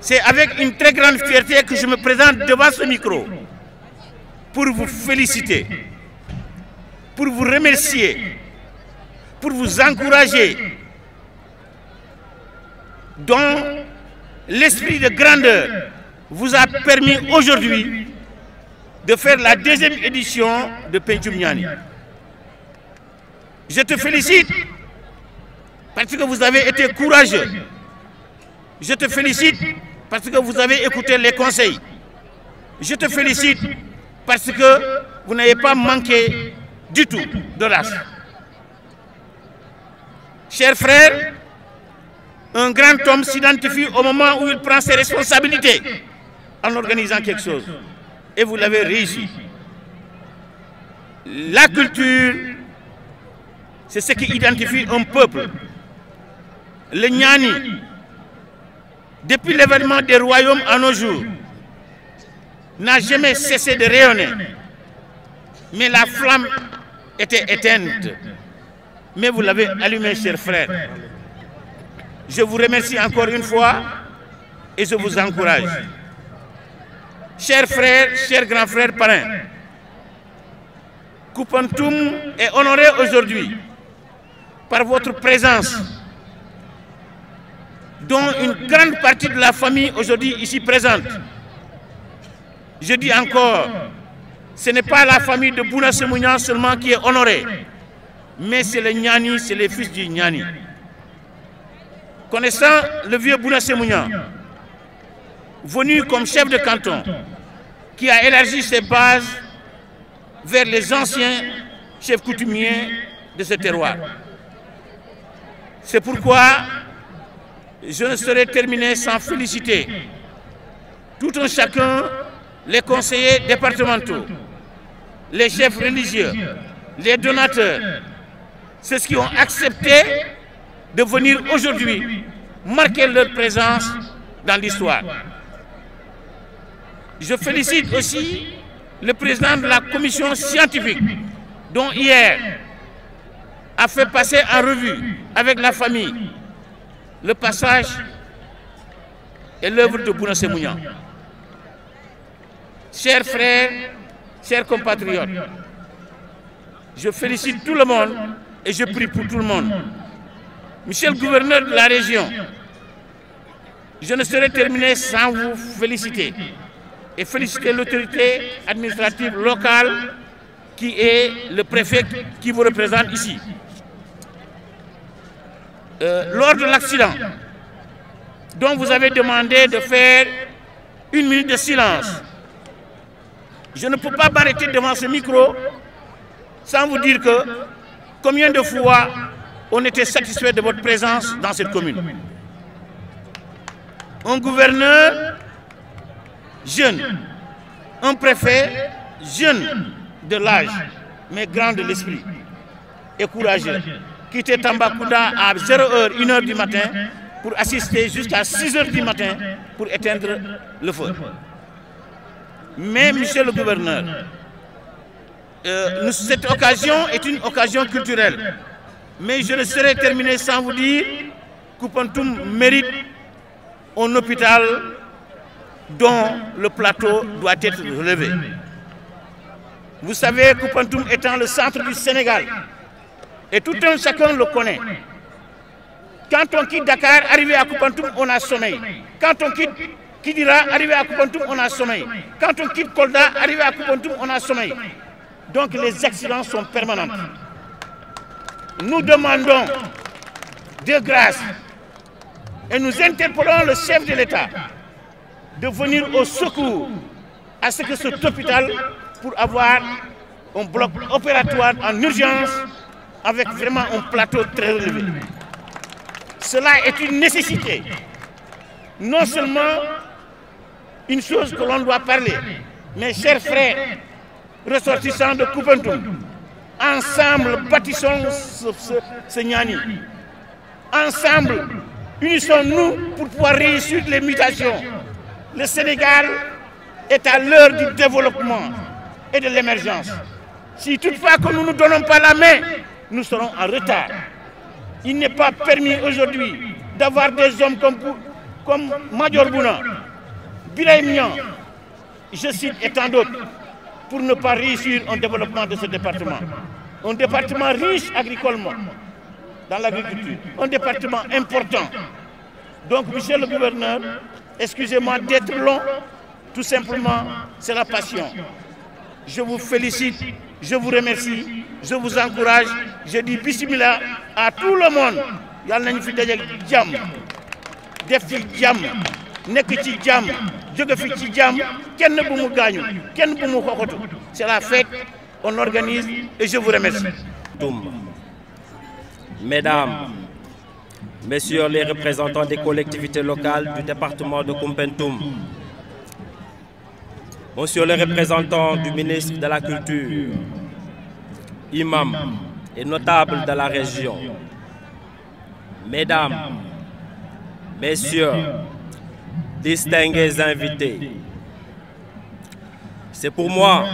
c'est avec une très grande fierté que je me présente devant ce micro pour vous féliciter, pour vous remercier, pour vous encourager dont l'esprit de grandeur vous a permis aujourd'hui de faire la deuxième édition de Pentium Je te félicite parce que vous avez été courageux. Je te félicite parce que vous avez écouté les conseils. Je te félicite parce que vous n'avez pas manqué du tout de l'âge. Chers frères, un grand homme s'identifie au moment où il prend ses responsabilités en organisant quelque chose. Et vous l'avez réussi. La culture, c'est ce qui identifie un peuple le Nyani, depuis l'événement des royaumes à nos jours, n'a jamais cessé de rayonner. Mais la flamme était éteinte. Mais vous l'avez allumée, chers frères. Je vous remercie encore une fois et je vous encourage. Chers frères, chers grands frères parrains, Koupantoum est honoré aujourd'hui par votre présence dont une grande partie de la famille aujourd'hui ici présente. Je dis encore, ce n'est pas la famille de Bouna Semounian seulement qui est honorée, mais c'est le Nyani, c'est les fils du Nyani. Connaissant le vieux Bouna Semounian, venu comme chef de canton, qui a élargi ses bases vers les anciens chefs coutumiers de ce terroir. C'est pourquoi je ne serai terminé sans féliciter tout un chacun, les conseillers départementaux, les chefs religieux, les donateurs, ceux qui ont accepté de venir aujourd'hui marquer leur présence dans l'histoire. Je félicite aussi le président de la commission scientifique, dont hier a fait passer en revue avec la famille le passage est l'œuvre de Bouna Mounian. Chers frères, chers compatriotes, je félicite tout le monde et je prie pour tout le monde. Monsieur le gouverneur de la région, je ne serai terminé sans vous féliciter et féliciter l'autorité administrative locale qui est le préfet qui vous représente ici. Euh, lors de l'accident, dont vous avez demandé de faire une minute de silence, je ne peux pas m'arrêter devant ce micro sans vous dire que combien de fois on était satisfait de votre présence dans cette commune. Un gouverneur jeune, un préfet jeune de l'âge, mais grand de l'esprit et courageux quitter Tambacounda à 0h, 1h du matin pour assister jusqu'à 6h du matin pour éteindre le feu. Mais, monsieur le gouverneur, euh, cette occasion est une occasion culturelle. Mais je ne serai terminé sans vous dire que Koupantoum mérite un hôpital dont le plateau doit être relevé. Vous savez, Koupantoum étant le centre du Sénégal, et tout un chacun le connaît. Quand on quitte Dakar, arrivé à Koupantoum, on a sommeil. Quand on quitte Kidira, arrivé à Koupantoum, on a sommeil. Quand on quitte Kolda, arrivé à Koupantoum, on a sommeil. Donc les accidents sont permanents. Nous demandons de grâce et nous interpellons le chef de l'État de venir au secours à ce que cet hôpital pour avoir un bloc opératoire en urgence avec vraiment un plateau très élevé. Cela est une nécessité. Non seulement une chose que l'on doit parler, mes chers frères ressortissants de Coupentum, ensemble bâtissons ce, ce, Ensemble, unissons-nous pour pouvoir réussir les mutations. Le Sénégal est à l'heure du développement et de l'émergence. Si toutefois que nous ne nous donnons pas la main, nous serons en retard. Il n'est pas permis aujourd'hui d'avoir des hommes comme, comme Major Bouna, Bilay je cite, et tant d'autres, pour ne pas réussir en développement de ce département. Un département riche agricolement, dans l'agriculture, un département important. Donc, monsieur le gouverneur, excusez-moi d'être long, tout simplement, c'est la passion. Je vous félicite je vous remercie, je vous encourage, je dis bismillah à tout le monde. c'est la fête on organise et je vous remercie. Mesdames, Messieurs les représentants des collectivités locales du département de Kumpentoum. Monsieur le représentant du ministre de la Culture, imam et notable de la région, Mesdames, Messieurs, distingués invités, c'est pour moi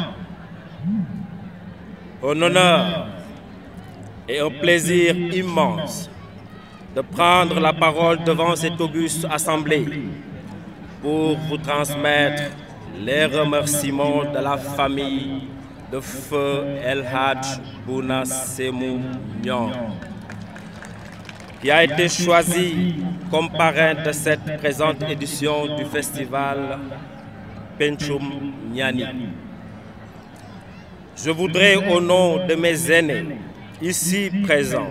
un honneur et un plaisir immense de prendre la parole devant cette auguste assemblée pour vous transmettre les remerciements de la famille de feu El Hadj Bouna Semou qui a été choisi comme parrain de cette présente édition du festival Penchum Nyani. Je voudrais, au nom de mes aînés ici présents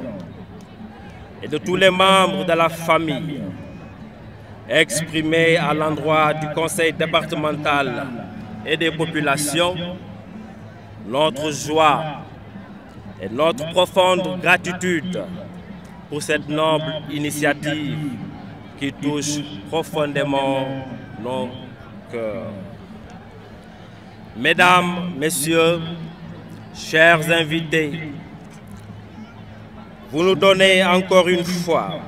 et de tous les membres de la famille, Exprimer à l'endroit du conseil départemental et des populations, notre joie et notre profonde gratitude pour cette noble initiative qui touche profondément nos cœurs. Mesdames, Messieurs, chers invités, vous nous donnez encore une fois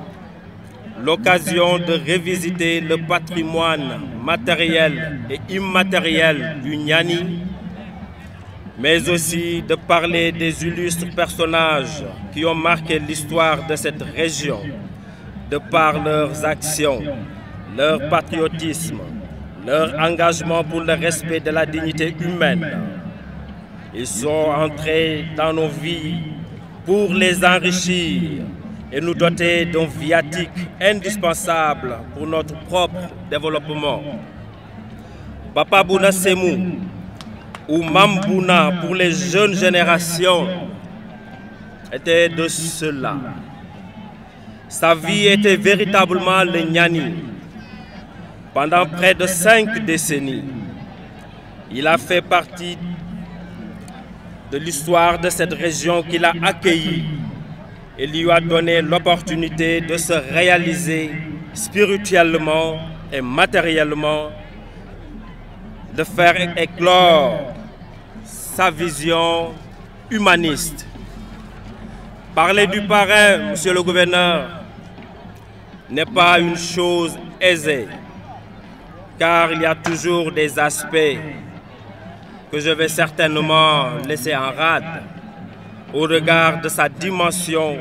l'occasion de revisiter le patrimoine matériel et immatériel du Niani, mais aussi de parler des illustres personnages qui ont marqué l'histoire de cette région de par leurs actions, leur patriotisme, leur engagement pour le respect de la dignité humaine. Ils sont entrés dans nos vies pour les enrichir et nous doter d'un viatique indispensable pour notre propre développement. Papa Bouna Semou ou Mambouna pour les jeunes générations était de cela. Sa vie était véritablement le Nyani. Pendant près de cinq décennies, il a fait partie de l'histoire de cette région qu'il a accueillie il lui a donné l'opportunité de se réaliser spirituellement et matériellement, de faire éclore sa vision humaniste. Parler du parrain, monsieur le gouverneur, n'est pas une chose aisée, car il y a toujours des aspects que je vais certainement laisser en rade au regard de sa dimension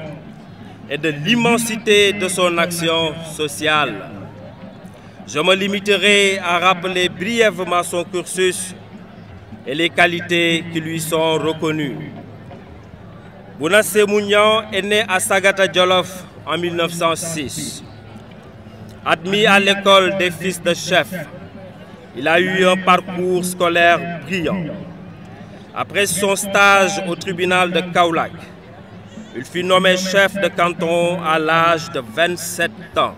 et de l'immensité de son action sociale. Je me limiterai à rappeler brièvement son cursus et les qualités qui lui sont reconnues. Bounassé Mounian est né à Sagata Djolof en 1906. Admis à l'école des fils de chef, il a eu un parcours scolaire brillant. Après son stage au tribunal de Kaulak, il fut nommé chef de canton à l'âge de 27 ans.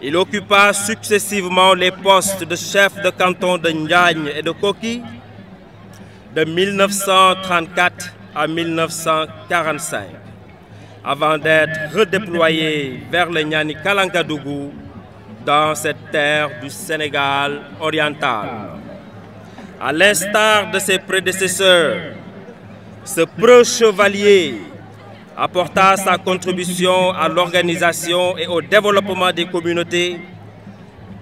Il occupa successivement les postes de chef de canton de Ngagne et de Koki de 1934 à 1945, avant d'être redéployé vers le Nyani Kalangadougou dans cette terre du Sénégal oriental à l'instar de ses prédécesseurs, ce preux chevalier apporta sa contribution à l'organisation et au développement des communautés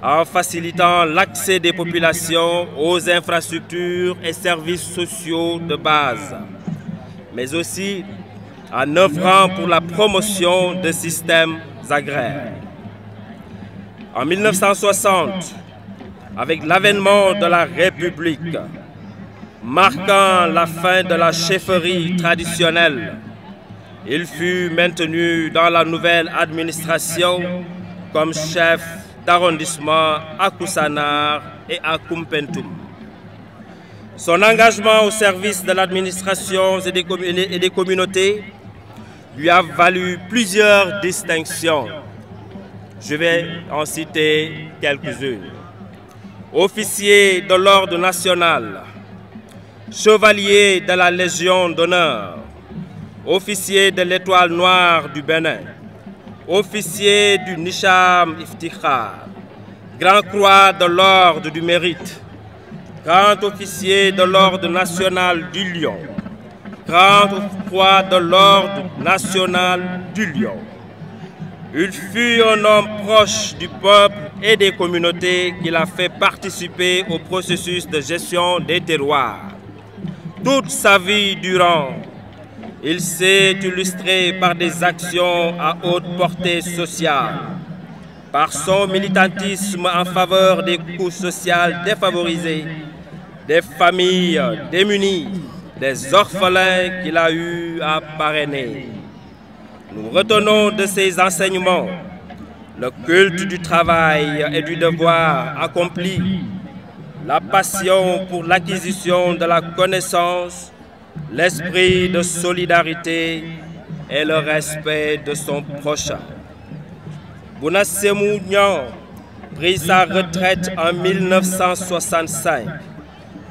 en facilitant l'accès des populations aux infrastructures et services sociaux de base, mais aussi en œuvrant pour la promotion de systèmes agraires. En 1960, avec l'avènement de la République, marquant la fin de la chefferie traditionnelle. Il fut maintenu dans la nouvelle administration comme chef d'arrondissement à Koussanar et à Kumpentum. Son engagement au service de l'administration et des communautés lui a valu plusieurs distinctions. Je vais en citer quelques-unes officier de l'ordre national, chevalier de la Légion d'honneur, officier de l'étoile noire du Bénin, officier du Nisham Iftikhar, grand croix de l'ordre du mérite, grand officier de l'ordre national du Lion, grand croix de l'ordre national du Lion. Il fut un homme proche du peuple et des communautés qu'il a fait participer au processus de gestion des terroirs. Toute sa vie durant, il s'est illustré par des actions à haute portée sociale, par son militantisme en faveur des coûts sociales défavorisés, des familles démunies, des orphelins qu'il a eu à parrainer. Nous retenons de ces enseignements le culte du travail et du devoir accompli, la passion pour l'acquisition de la connaissance, l'esprit de solidarité et le respect de son prochain. Bounassemou Nyan prit sa retraite en 1965,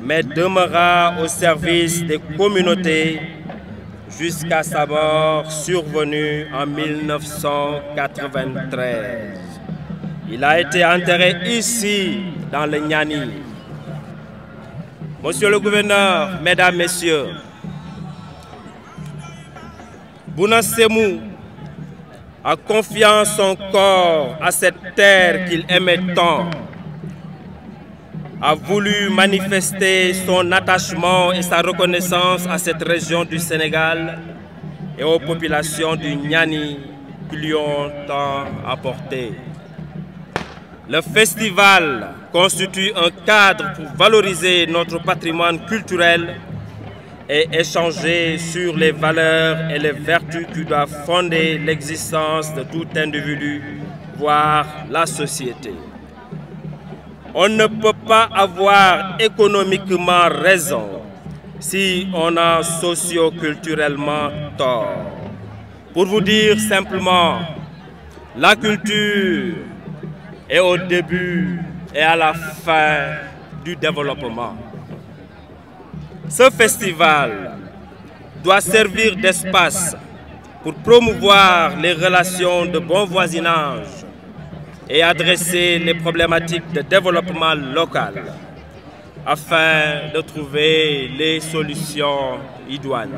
mais demeura au service des communautés jusqu'à sa mort survenue en 1993. Il a été enterré ici, dans le Niani. Monsieur le gouverneur, mesdames, messieurs, Bounassemou a confié son corps à cette terre qu'il aimait tant a voulu manifester son attachement et sa reconnaissance à cette région du Sénégal et aux populations du Niani qui lui ont tant apporté. Le festival constitue un cadre pour valoriser notre patrimoine culturel et échanger sur les valeurs et les vertus qui doivent fonder l'existence de tout individu, voire la société. On ne peut pas avoir économiquement raison si on a socioculturellement tort. Pour vous dire simplement, la culture est au début et à la fin du développement. Ce festival doit servir d'espace pour promouvoir les relations de bon voisinage et adresser les problématiques de développement local afin de trouver les solutions idoines.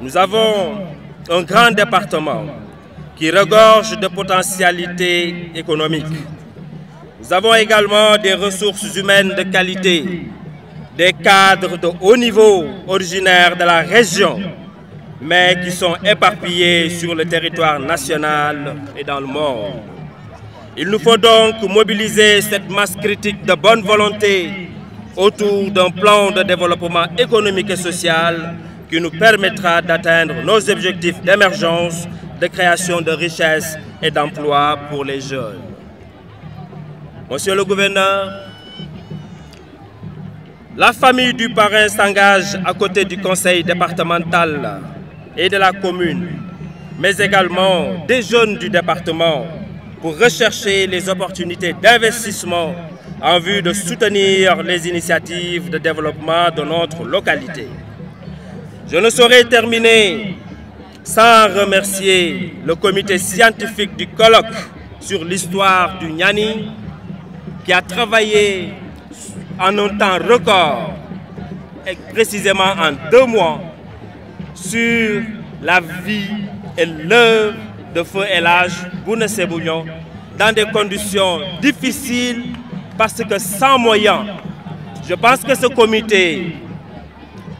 Nous avons un grand département qui regorge de potentialités économiques. Nous avons également des ressources humaines de qualité, des cadres de haut niveau originaires de la région, mais qui sont éparpillés sur le territoire national et dans le monde. Il nous faut donc mobiliser cette masse critique de bonne volonté autour d'un plan de développement économique et social qui nous permettra d'atteindre nos objectifs d'émergence, de création de richesses et d'emplois pour les jeunes. Monsieur le gouverneur, la famille du parrain s'engage à côté du conseil départemental et de la commune, mais également des jeunes du département pour rechercher les opportunités d'investissement en vue de soutenir les initiatives de développement de notre localité. Je ne saurais terminer sans remercier le comité scientifique du colloque sur l'histoire du Niani qui a travaillé en un temps record, et précisément en deux mois, sur la vie et l'œuvre de Feu et l'âge, dans des conditions difficiles parce que sans moyens. Je pense que ce comité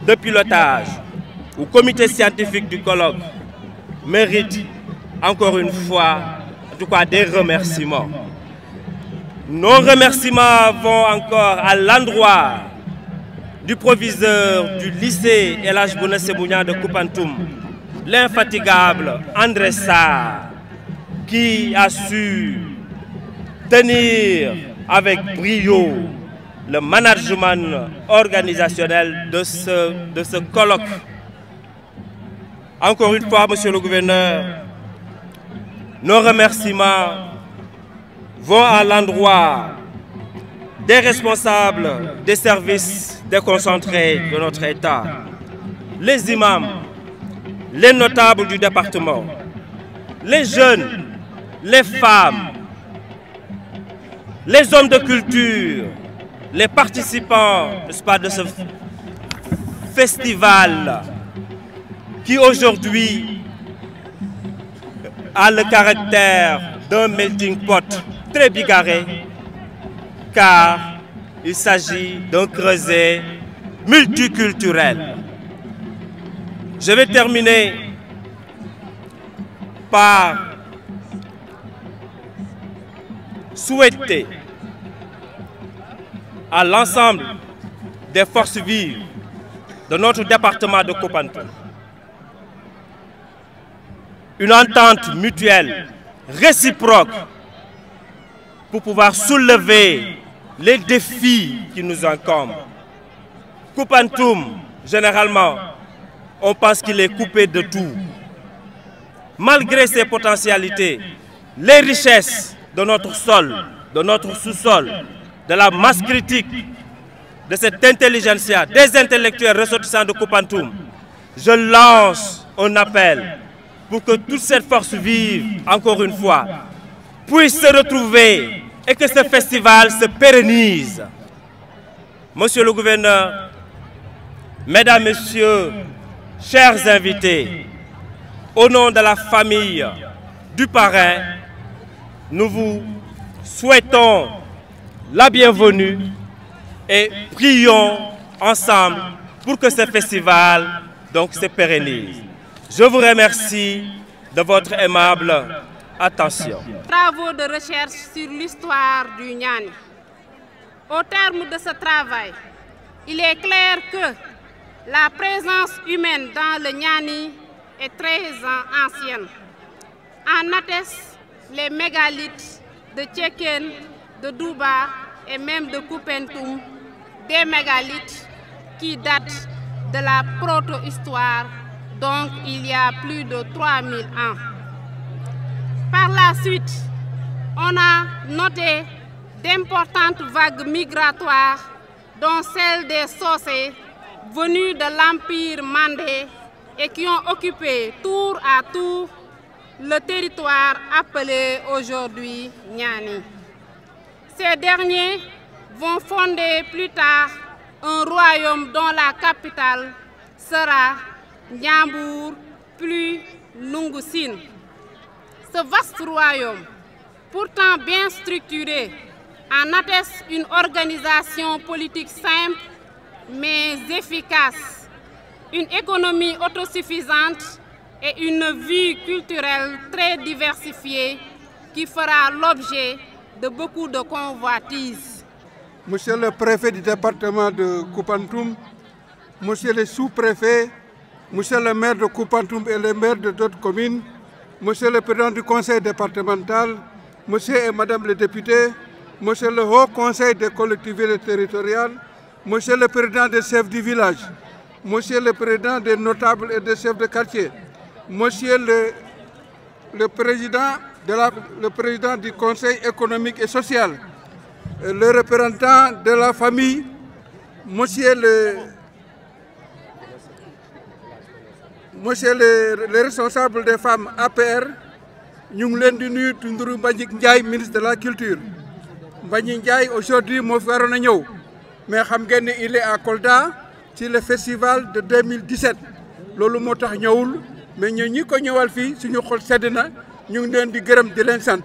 de pilotage ou comité scientifique du colloque mérite encore une fois, tout des remerciements. Nos remerciements vont encore à l'endroit du proviseur du lycée Elage Bounesse de Koupantoum, l'infatigable André qui a su tenir avec brio le management organisationnel de ce, de ce colloque. Encore une fois, Monsieur le Gouverneur, nos remerciements vont à l'endroit des responsables des services déconcentrés de notre État, les imams, les notables du département, les jeunes, les femmes, les hommes de culture, les participants de ce festival qui aujourd'hui a le caractère d'un melting pot très bigarré car il s'agit d'un creuset multiculturel. Je vais terminer par souhaiter à l'ensemble des forces vives de notre département de Coupantoum une entente mutuelle réciproque pour pouvoir soulever les défis qui nous encombrent. Coupantoum, généralement, on pense qu'il est coupé de tout. Malgré ses potentialités, les richesses de notre sol, de notre sous-sol, de la masse critique, de cette intelligentsia, des intellectuels ressortissants de Coupantoum, je lance un appel pour que toute cette force vive, encore une fois, puisse se retrouver et que ce festival se pérennise. Monsieur le gouverneur, mesdames, messieurs chers invités, au nom de la famille du parrain, nous vous souhaitons la bienvenue et prions ensemble pour que ce festival se pérennise. Je vous remercie de votre aimable attention. Travaux de recherche sur l'histoire du Nyan. Au terme de ce travail, il est clair que la présence humaine dans le Nyani est très ancienne. En attestent les mégalithes de Tchéken, de Duba et même de Koupentoum, des mégalithes qui datent de la proto-histoire, donc il y a plus de 3000 ans. Par la suite, on a noté d'importantes vagues migratoires, dont celle des Saucés venus de l'Empire mandé et qui ont occupé tour à tour le territoire appelé aujourd'hui Niani. Ces derniers vont fonder plus tard un royaume dont la capitale sera Niambour, plus Lungusine. Ce vaste royaume, pourtant bien structuré, en atteste une organisation politique simple mais efficace, une économie autosuffisante et une vie culturelle très diversifiée qui fera l'objet de beaucoup de convoitises. Monsieur le préfet du département de Koupantoum, monsieur le sous-préfet, monsieur le maire de Koupantoum et les maires de d'autres communes, monsieur le président du conseil départemental, monsieur et madame les députés, monsieur le haut conseil des collectivités territoriales, Monsieur le président des chefs du village, Monsieur le président des notables et des chefs de quartier, Monsieur le, président, du Conseil économique et social, euh, le représentant de la famille, Monsieur le, monsieur responsable des femmes APR nous leen di ministre de la culture aujourd'hui mon mais xam ngeen il est à Kolda ci le festival de 2017 que nous ñewul fait, mais ce ñi ko ñewal nous suñu xol sedd na ñu ngi leen di gërëm di leen sant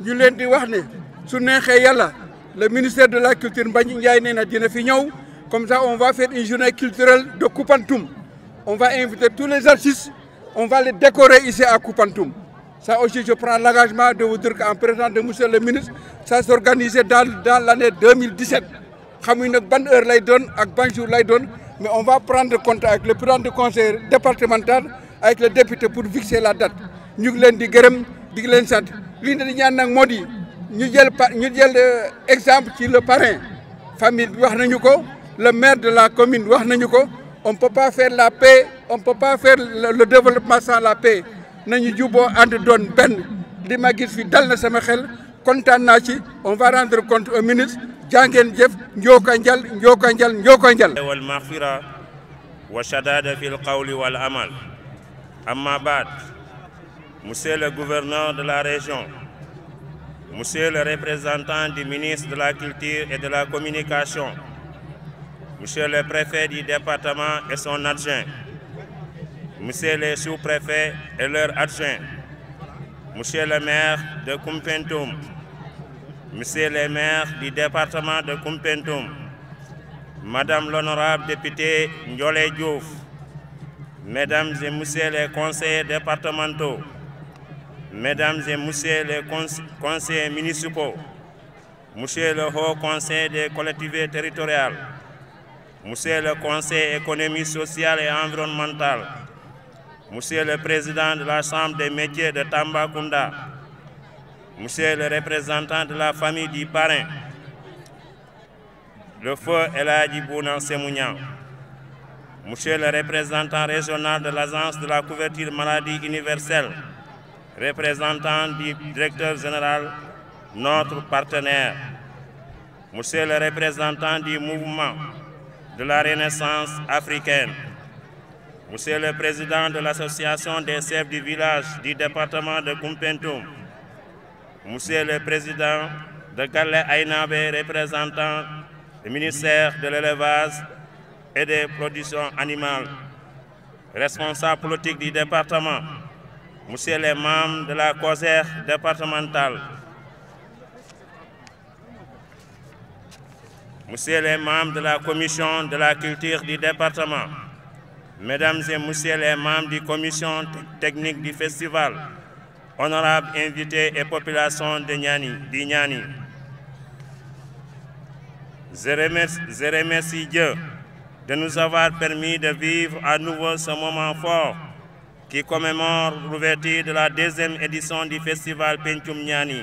ñu leen di wax ne su neexee yàlla le ministère de la culture Mbagnick Ndiaye na dina fi comme ça on va faire une journée culturelle de coupantum, on va inviter tous les artistes on va les décorer ici à coupantum. ça aussi je prends l'engagement de vous dire qu'en présence de monsieur le ministre ça s'organisait dans dans l'année 2017 xamuñ nag quelle heure lay quel ak ban jour lay mais on va prendre contact avec le président du conseil départemental avec le député pour fixer la date ñu ngi leen di gërëm di leen sant li ñu di ñaan nag moo ñu jël euh, exemple ci le parrain famille bi wax nañu le maire de la commune wax nañu ko on peut pas faire la paix on peut pas faire le développement sans la paix nañu juboo faire un ben. li ma gis fi dal sama xel kontaan ci on va rendre compte au ministre monsieur le gouverneur de la région monsieur le représentant du ministre de la culture et de la communication monsieur le préfet du département et son adjoint monsieur le sous préfet et leur adjoint monsieur le maire de Kumpentum, Monsieur le maire du département de Kumpentum, Madame l'honorable députée Ndiole Diouf, Mesdames et Messieurs les conseillers départementaux, Mesdames et Messieurs les conseillers municipaux, Monsieur le Haut Conseil des collectivités territoriales, Monsieur le Conseil économique, sociale et environnemental, Monsieur le Président de la Chambre des métiers de Kounda, Monsieur le représentant de la famille du parrain, le feu du Bounan Semounian, Monsieur le représentant régional de l'Agence de la couverture maladie universelle, représentant du directeur général, notre partenaire, Monsieur le représentant du mouvement de la Renaissance africaine, Monsieur le président de l'association des chefs du village du département de Kumpentum, Monsieur le Président de Galais Aïnabe, représentant du ministère de l'élevage et des productions animales, responsable politique du département, Monsieur les membres de la COSER départementale, Monsieur les membres de la Commission de la culture du département, Mesdames et Messieurs les membres de la Commission technique du festival, honorables invités et population de Niani, je remercie, Dieu de nous avoir permis de vivre à nouveau ce moment fort qui commémore l'ouverture de la deuxième édition du festival Pentium Niani.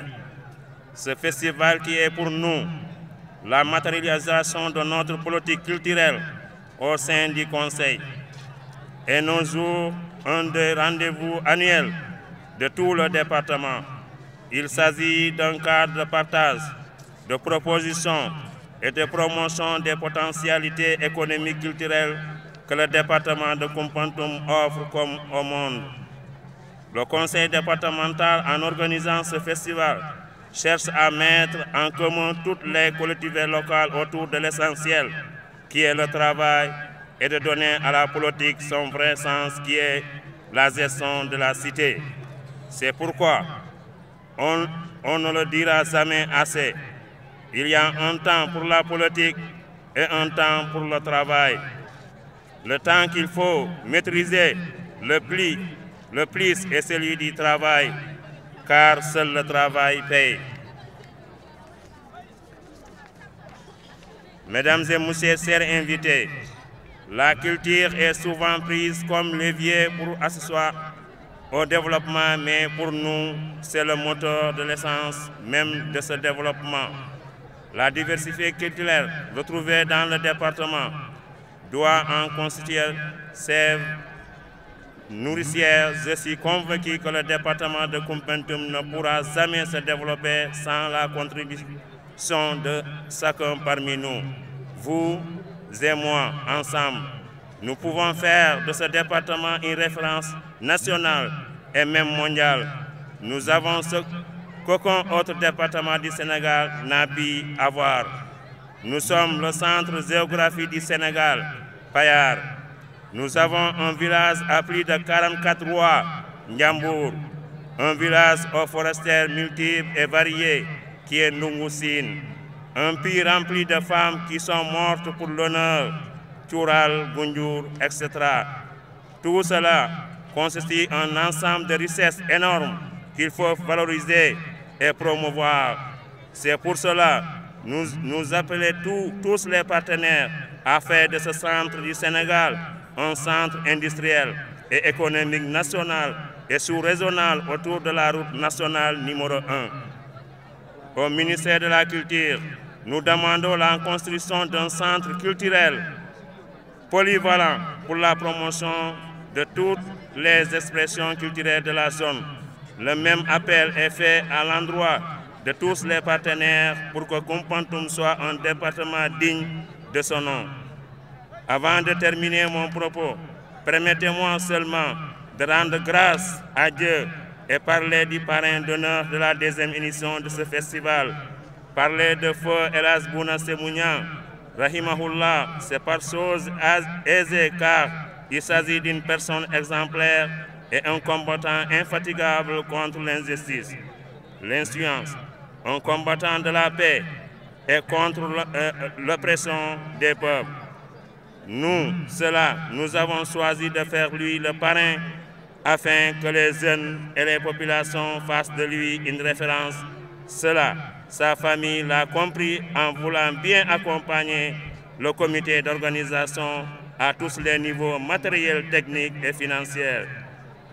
Ce festival qui est pour nous la matérialisation de notre politique culturelle au sein du Conseil et nos jours un des rendez-vous annuels de tout le département. Il s'agit d'un cadre de partage, de propositions et de promotion des potentialités économiques culturelles que le département de Compantum offre comme au monde. Le conseil départemental, en organisant ce festival, cherche à mettre en commun toutes les collectivités locales autour de l'essentiel, qui est le travail, et de donner à la politique son vrai sens, qui est la gestion de la cité. C'est pourquoi on, ne le dira jamais assez. Il y a un temps pour la politique et un temps pour le travail. Le temps qu'il faut maîtriser le pli, le plus est celui du travail, car seul le travail paye. Mesdames et messieurs, chers invités, la culture est souvent prise comme levier pour asseoir au développement, mais pour nous, c'est le moteur de l'essence même de ce développement. La diversité culturelle retrouvée dans le département doit en constituer ses nourricières. Je suis convaincu que le département de Kumpentum ne pourra jamais se développer sans la contribution de chacun parmi nous. Vous et moi, ensemble, nous pouvons faire de ce département une référence nationale et même mondiale. Nous avons ce qu'aucun autre département du Sénégal n'a pu avoir. Nous sommes le centre géographique du Sénégal, Payar. Nous avons un village à plus de 44 rois, Ndiambour. Un village aux forestiers multiples et variés, qui est Nungoussine, Un pays rempli de femmes qui sont mortes pour l'honneur, Tural, Gounjour, etc. Tout cela constitue un ensemble de richesses énormes qu'il faut valoriser et promouvoir. C'est pour cela que nous, nous appelons tous, tous les partenaires à faire de ce centre du Sénégal un centre industriel et économique national et sous-régional autour de la route nationale numéro 1. Au ministère de la Culture, nous demandons la construction d'un centre culturel polyvalent pour la promotion de toutes les expressions culturelles de la zone. Le même appel est fait à l'endroit de tous les partenaires pour que Kumpantum soit un département digne de son nom. Avant de terminer mon propos, permettez-moi seulement de rendre grâce à Dieu et parler du parrain d'honneur de la deuxième émission de ce festival. Parler de feu Elas Bouna Rahimahullah, c'est par chose aisée car il s'agit d'une personne exemplaire et un combattant infatigable contre l'injustice, l'insuance, un combattant de la paix et contre euh, euh, l'oppression des peuples. Nous, cela, nous avons choisi de faire lui le parrain afin que les jeunes et les populations fassent de lui une référence. Cela, sa famille l'a compris en voulant bien accompagner le comité d'organisation à tous les niveaux matériels, techniques et financiers.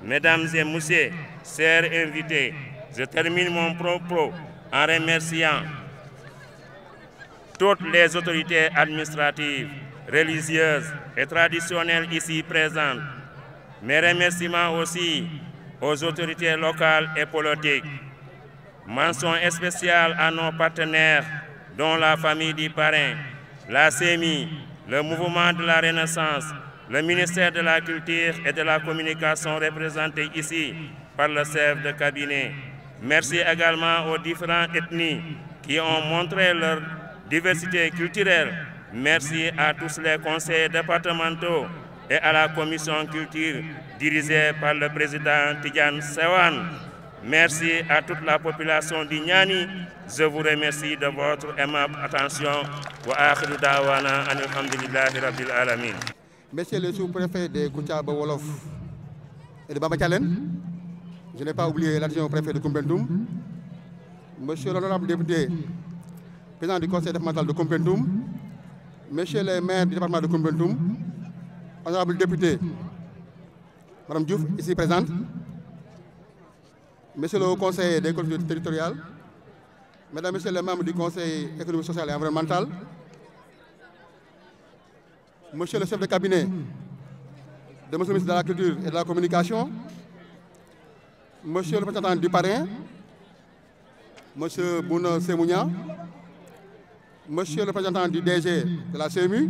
Mesdames et messieurs, chers invités, je termine mon propos en remerciant toutes les autorités administratives, religieuses et traditionnelles ici présentes. Mes remerciements aussi aux autorités locales et politiques. Mention spéciale à nos partenaires, dont la famille du parrain, la CEMI, le mouvement de la Renaissance, le ministère de la Culture et de la Communication représentés ici par le chef de cabinet. Merci également aux différentes ethnies qui ont montré leur diversité culturelle. Merci à tous les conseils départementaux et à la commission culture dirigée par le président Tidjane Sewan. Merci à toute la population d'Ignani. Je vous remercie de votre aimable attention. Monsieur le sous-préfet de Koutiaba Wolof et de Babakalen, je n'ai pas oublié l'adjoint au préfet de Kumbendoum. Monsieur l'honorable député, président du conseil départemental de Kumbendoum, Monsieur le maire du département de Kumbendoum, honorable député, Madame Diouf, ici présente, Monsieur le conseiller des collectivités territoriales, Mesdames, Messieurs les membres du Conseil économique, social et environnemental, Monsieur le chef de cabinet de Monsieur le ministre de la Culture et de la Communication, Monsieur le représentant du parrain, Monsieur Bouno Semounia, Monsieur le représentant du DG de la CMU,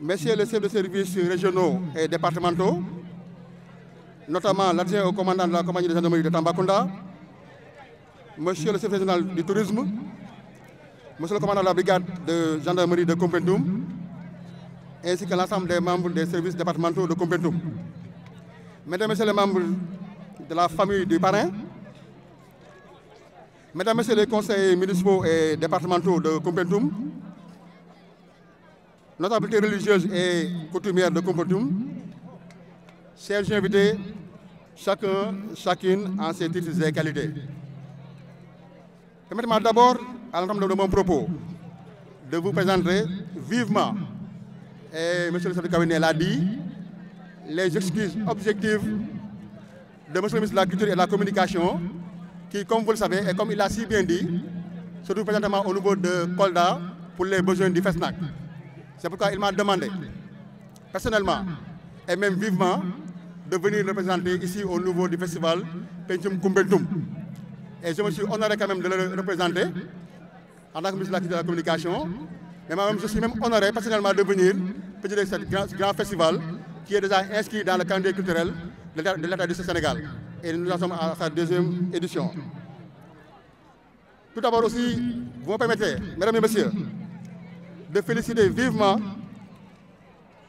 Monsieur le chef de services régionaux et départementaux, notamment l'adjoint au commandant de la compagnie de gendarmerie de Tambaconda, monsieur le chef régional du tourisme, monsieur le commandant de la brigade de gendarmerie de Compentum, ainsi que l'ensemble des membres des services départementaux de Compentum. Mesdames et messieurs les membres de la famille du parrain, mesdames et messieurs les conseils municipaux et départementaux de Compentum, notabilité religieuse et coutumière de Compentum, Chers invité, chacun, chacune en ses titres et qualités. Permettez-moi d'abord, à l'entendre de mon propos, de vous présenter vivement, et M. le secrétaire de cabinet l'a dit, les excuses objectives de M. le ministre de la Culture et de la Communication, qui, comme vous le savez, et comme il l'a si bien dit, se trouve présentement au niveau de polda pour les besoins du FESNAC. C'est pourquoi il m'a demandé, personnellement et même vivement, de venir représenter ici au niveau du festival Pentium Kumbentum. Et je me suis honoré quand même de le représenter en tant que ministre de la Communication. Mais moi-même, je suis même honoré personnellement de venir présider ce grand, festival qui est déjà inscrit dans le calendrier culturel de l'État du Sénégal. Et nous en sommes à sa deuxième édition. Tout d'abord aussi, vous me permettez, mesdames et messieurs, de féliciter vivement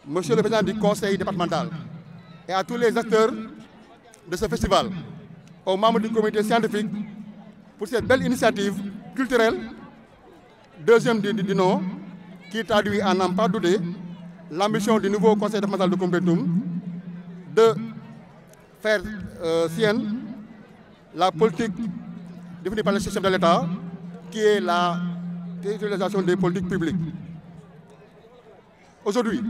Monsieur le Président du Conseil départemental, et à tous les acteurs de ce festival, aux membres du comité scientifique pour cette belle initiative culturelle, deuxième du, nom, qui traduit en un pas douter l'ambition du nouveau conseil départemental de Complétum de faire euh, sienne la politique définie par le système de l'État, qui est la territorialisation des politiques publiques. Aujourd'hui,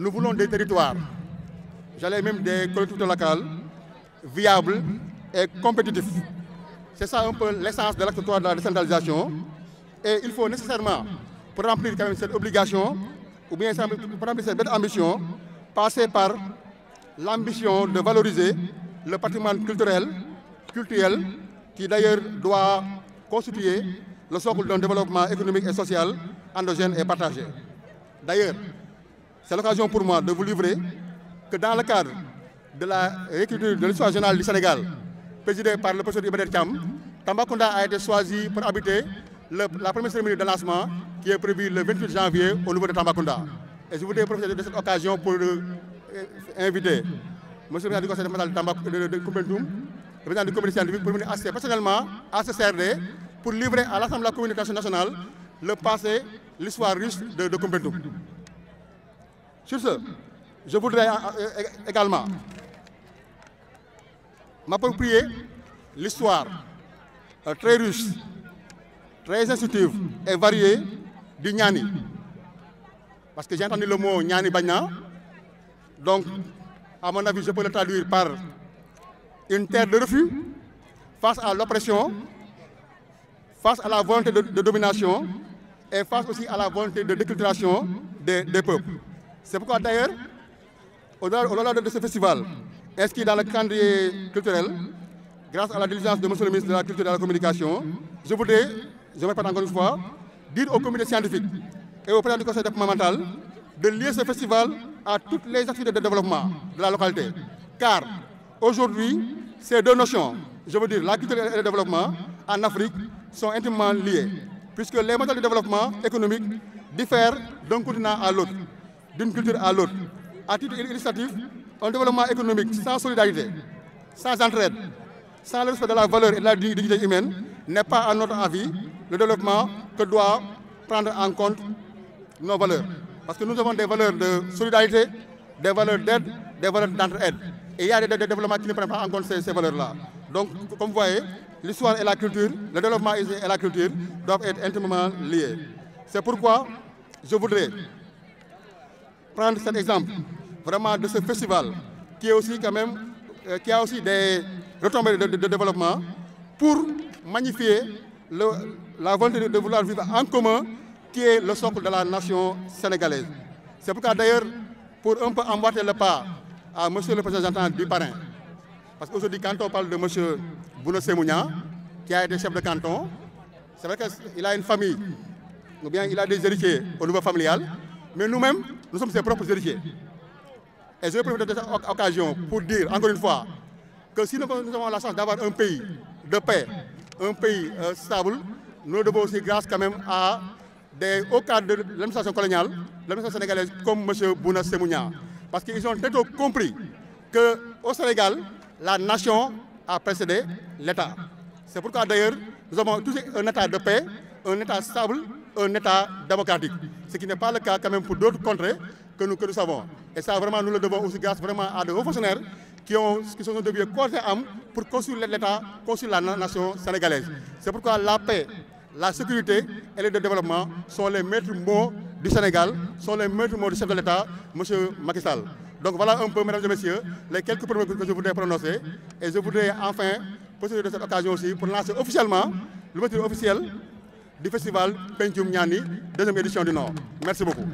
nous voulons des territoires, j'allais même des collectivités locales, viables et compétitifs. C'est ça un peu l'essence de l'acte de la décentralisation. Et il faut nécessairement, pour remplir quand même cette obligation, ou bien pour remplir cette belle ambition, passer par l'ambition de valoriser le patrimoine culturel, culturel, qui d'ailleurs doit constituer le socle d'un développement économique et social endogène et partagé. D'ailleurs, c'est l'occasion pour moi de vous livrer que dans le cadre de la réécriture de l'histoire générale du Sénégal, présidée par le professeur Ibadet Cham, Tambacounda a été choisi pour habiter la première cérémonie de lancement qui est prévue le 28 janvier au niveau de Tambacounda. Et je voudrais profiter de cette occasion pour euh, euh, inviter M. le président du conseil de, de, de, de le président du comité scientifique, pour venir assister personnellement à ce CRD pour livrer à l'Assemblée de la communication nationale le passé, l'histoire riche de, de sur ce, je voudrais euh, euh, également m'approprier l'histoire euh, très russe, très instructive et variée du Nyani. Parce que j'ai entendu le mot Nyani Bagna, donc à mon avis je peux le traduire par une terre de refus face à l'oppression, face à la volonté de, domination et face aussi à la volonté de déculturation des peuples. C'est pourquoi d'ailleurs, au-delà de ce festival, inscrit dans le calendrier culturel, grâce à la diligence de M. le ministre de la Culture et de la Communication, je voudrais, je répète encore une fois, dire au comité scientifique et au président du conseil départemental de lier ce festival à toutes les activités de développement de la localité. Car aujourd'hui, ces deux notions, je veux dire la culture et le développement en Afrique, sont intimement liées, puisque les modèles de développement économique diffèrent d'un continent à l'autre d'une culture à l'autre. À titre illustratif, un développement économique sans solidarité, sans entraide, sans le respect de la valeur et de la dignité humaine n'est pas à notre avis le développement que doit prendre en compte nos valeurs. Parce que nous avons des valeurs de solidarité, des valeurs d'aide, des valeurs d'entraide. Et il y a des, développements qui ne prennent pas en compte ces valeurs-là. Donc, comme vous voyez, l'histoire et la culture, le développement et la culture doivent être intimement liés. C'est pourquoi je voudrais prendre cet exemple vraiment de ce festival qui est aussi quand même euh, qui a aussi des retombées de, développement pour magnifier le, la volonté de, vouloir vivre en commun qui est le socle de la nation sénégalaise. C'est pourquoi d'ailleurs, pour un peu emboîter le pas à M. le Président du parrain, parce qu'aujourd'hui quand on parle de M. Boulos qui a été chef de canton, c'est vrai qu'il a une famille, ou bien il a des héritiers au niveau familial, mais nous-mêmes, nous sommes ses propres héritiers. Et je vais prendre cette occasion pour dire, encore une fois, que si nous, avons la chance d'avoir un pays de paix, un pays euh, stable, nous devons aussi grâce quand même à des hauts cadres de l'administration coloniale, l'administration sénégalaise, comme M. Bouna Semounia. Parce qu'ils ont tôt compris qu'au Sénégal, la nation a précédé l'État. C'est pourquoi d'ailleurs, nous avons tous un État de paix, un État stable, un État démocratique ce qui n'est pas le cas quand même pour d'autres contrées que nous, que nous savons. Et ça, vraiment, nous le devons aussi grâce vraiment à de hauts fonctionnaires qui, ont, qui sont devenus corps et pour construire l'État, construire la nation sénégalaise. C'est pourquoi la paix, la sécurité et le développement sont les maîtres mots du Sénégal, sont les maîtres mots du chef de l'État, M. Macky Sall. Donc voilà un peu, mesdames et messieurs, les quelques premiers que je voudrais prononcer. Et je voudrais enfin profiter de cette occasion aussi pour lancer officiellement le métier officiel du festival Pencum Niani, deuxième édition du Nord merci beaucoup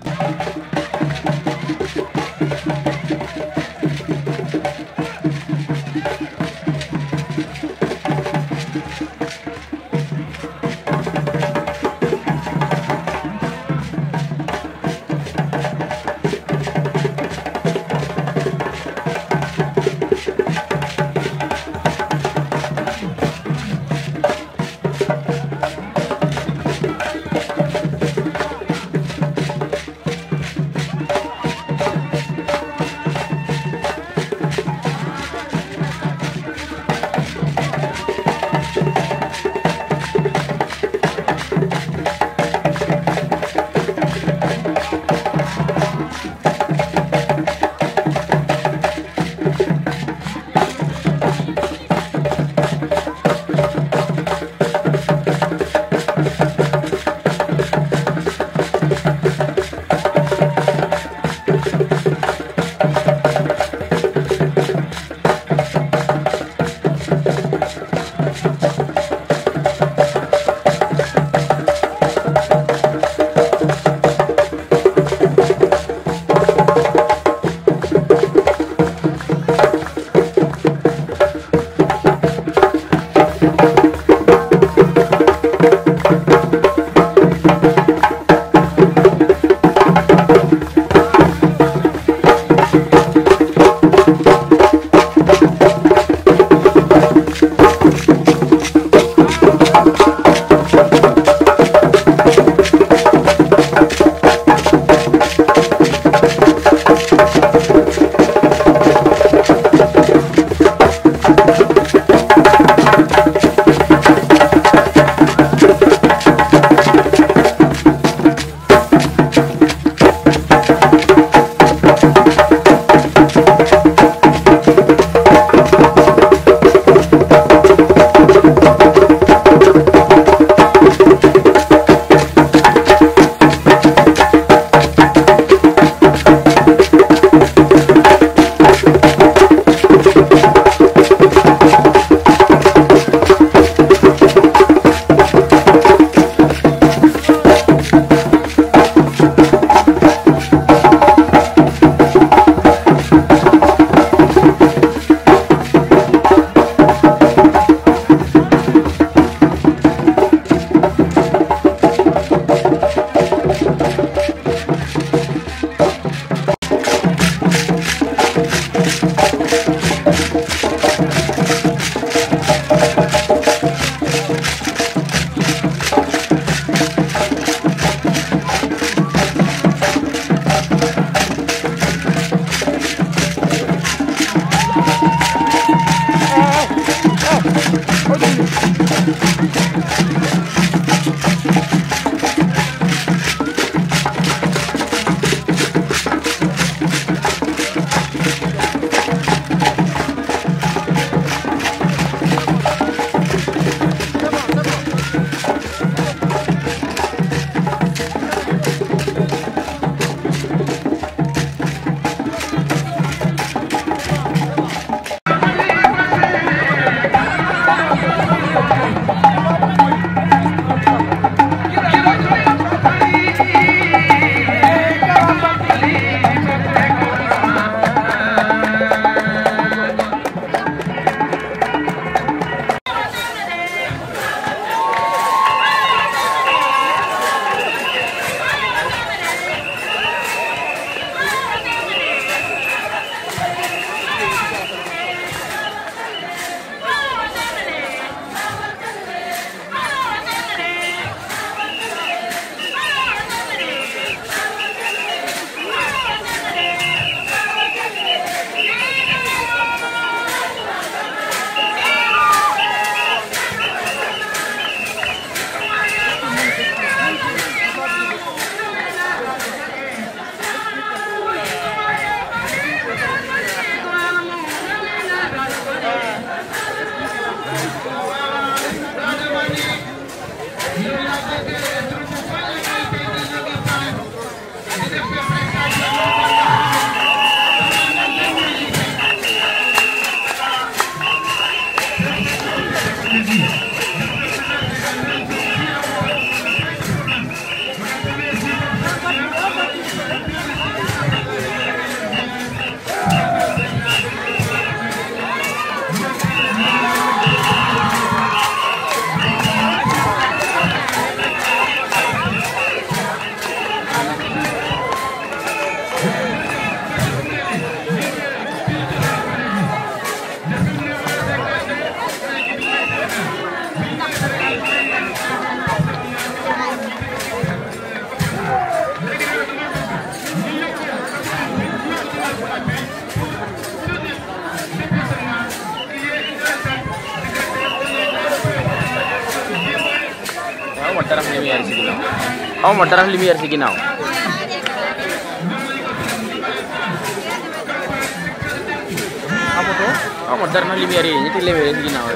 Thank you. aw ma dara li mu yor si ginnaaw. amatoo aw ma dara li mu yor yi ñetti li mu yor si ginnaaw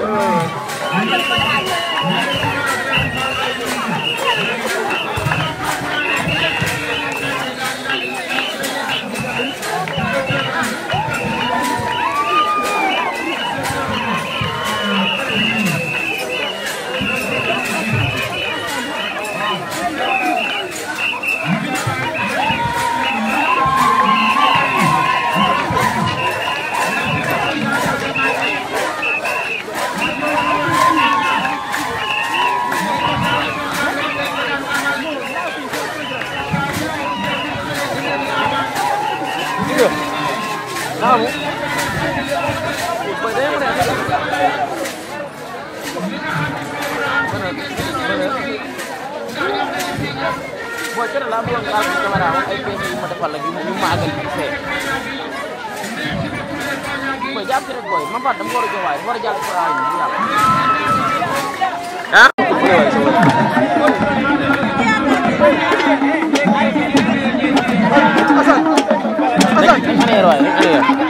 laa bëggoon nga am caméra wax ay pexe yu ma defal la yu ma àggal bi fee. booy jàpp ci rek booy man Fatou dama ko war a jox waaye war a jàll ci waaye bi yàlla. ah. Assane Assane.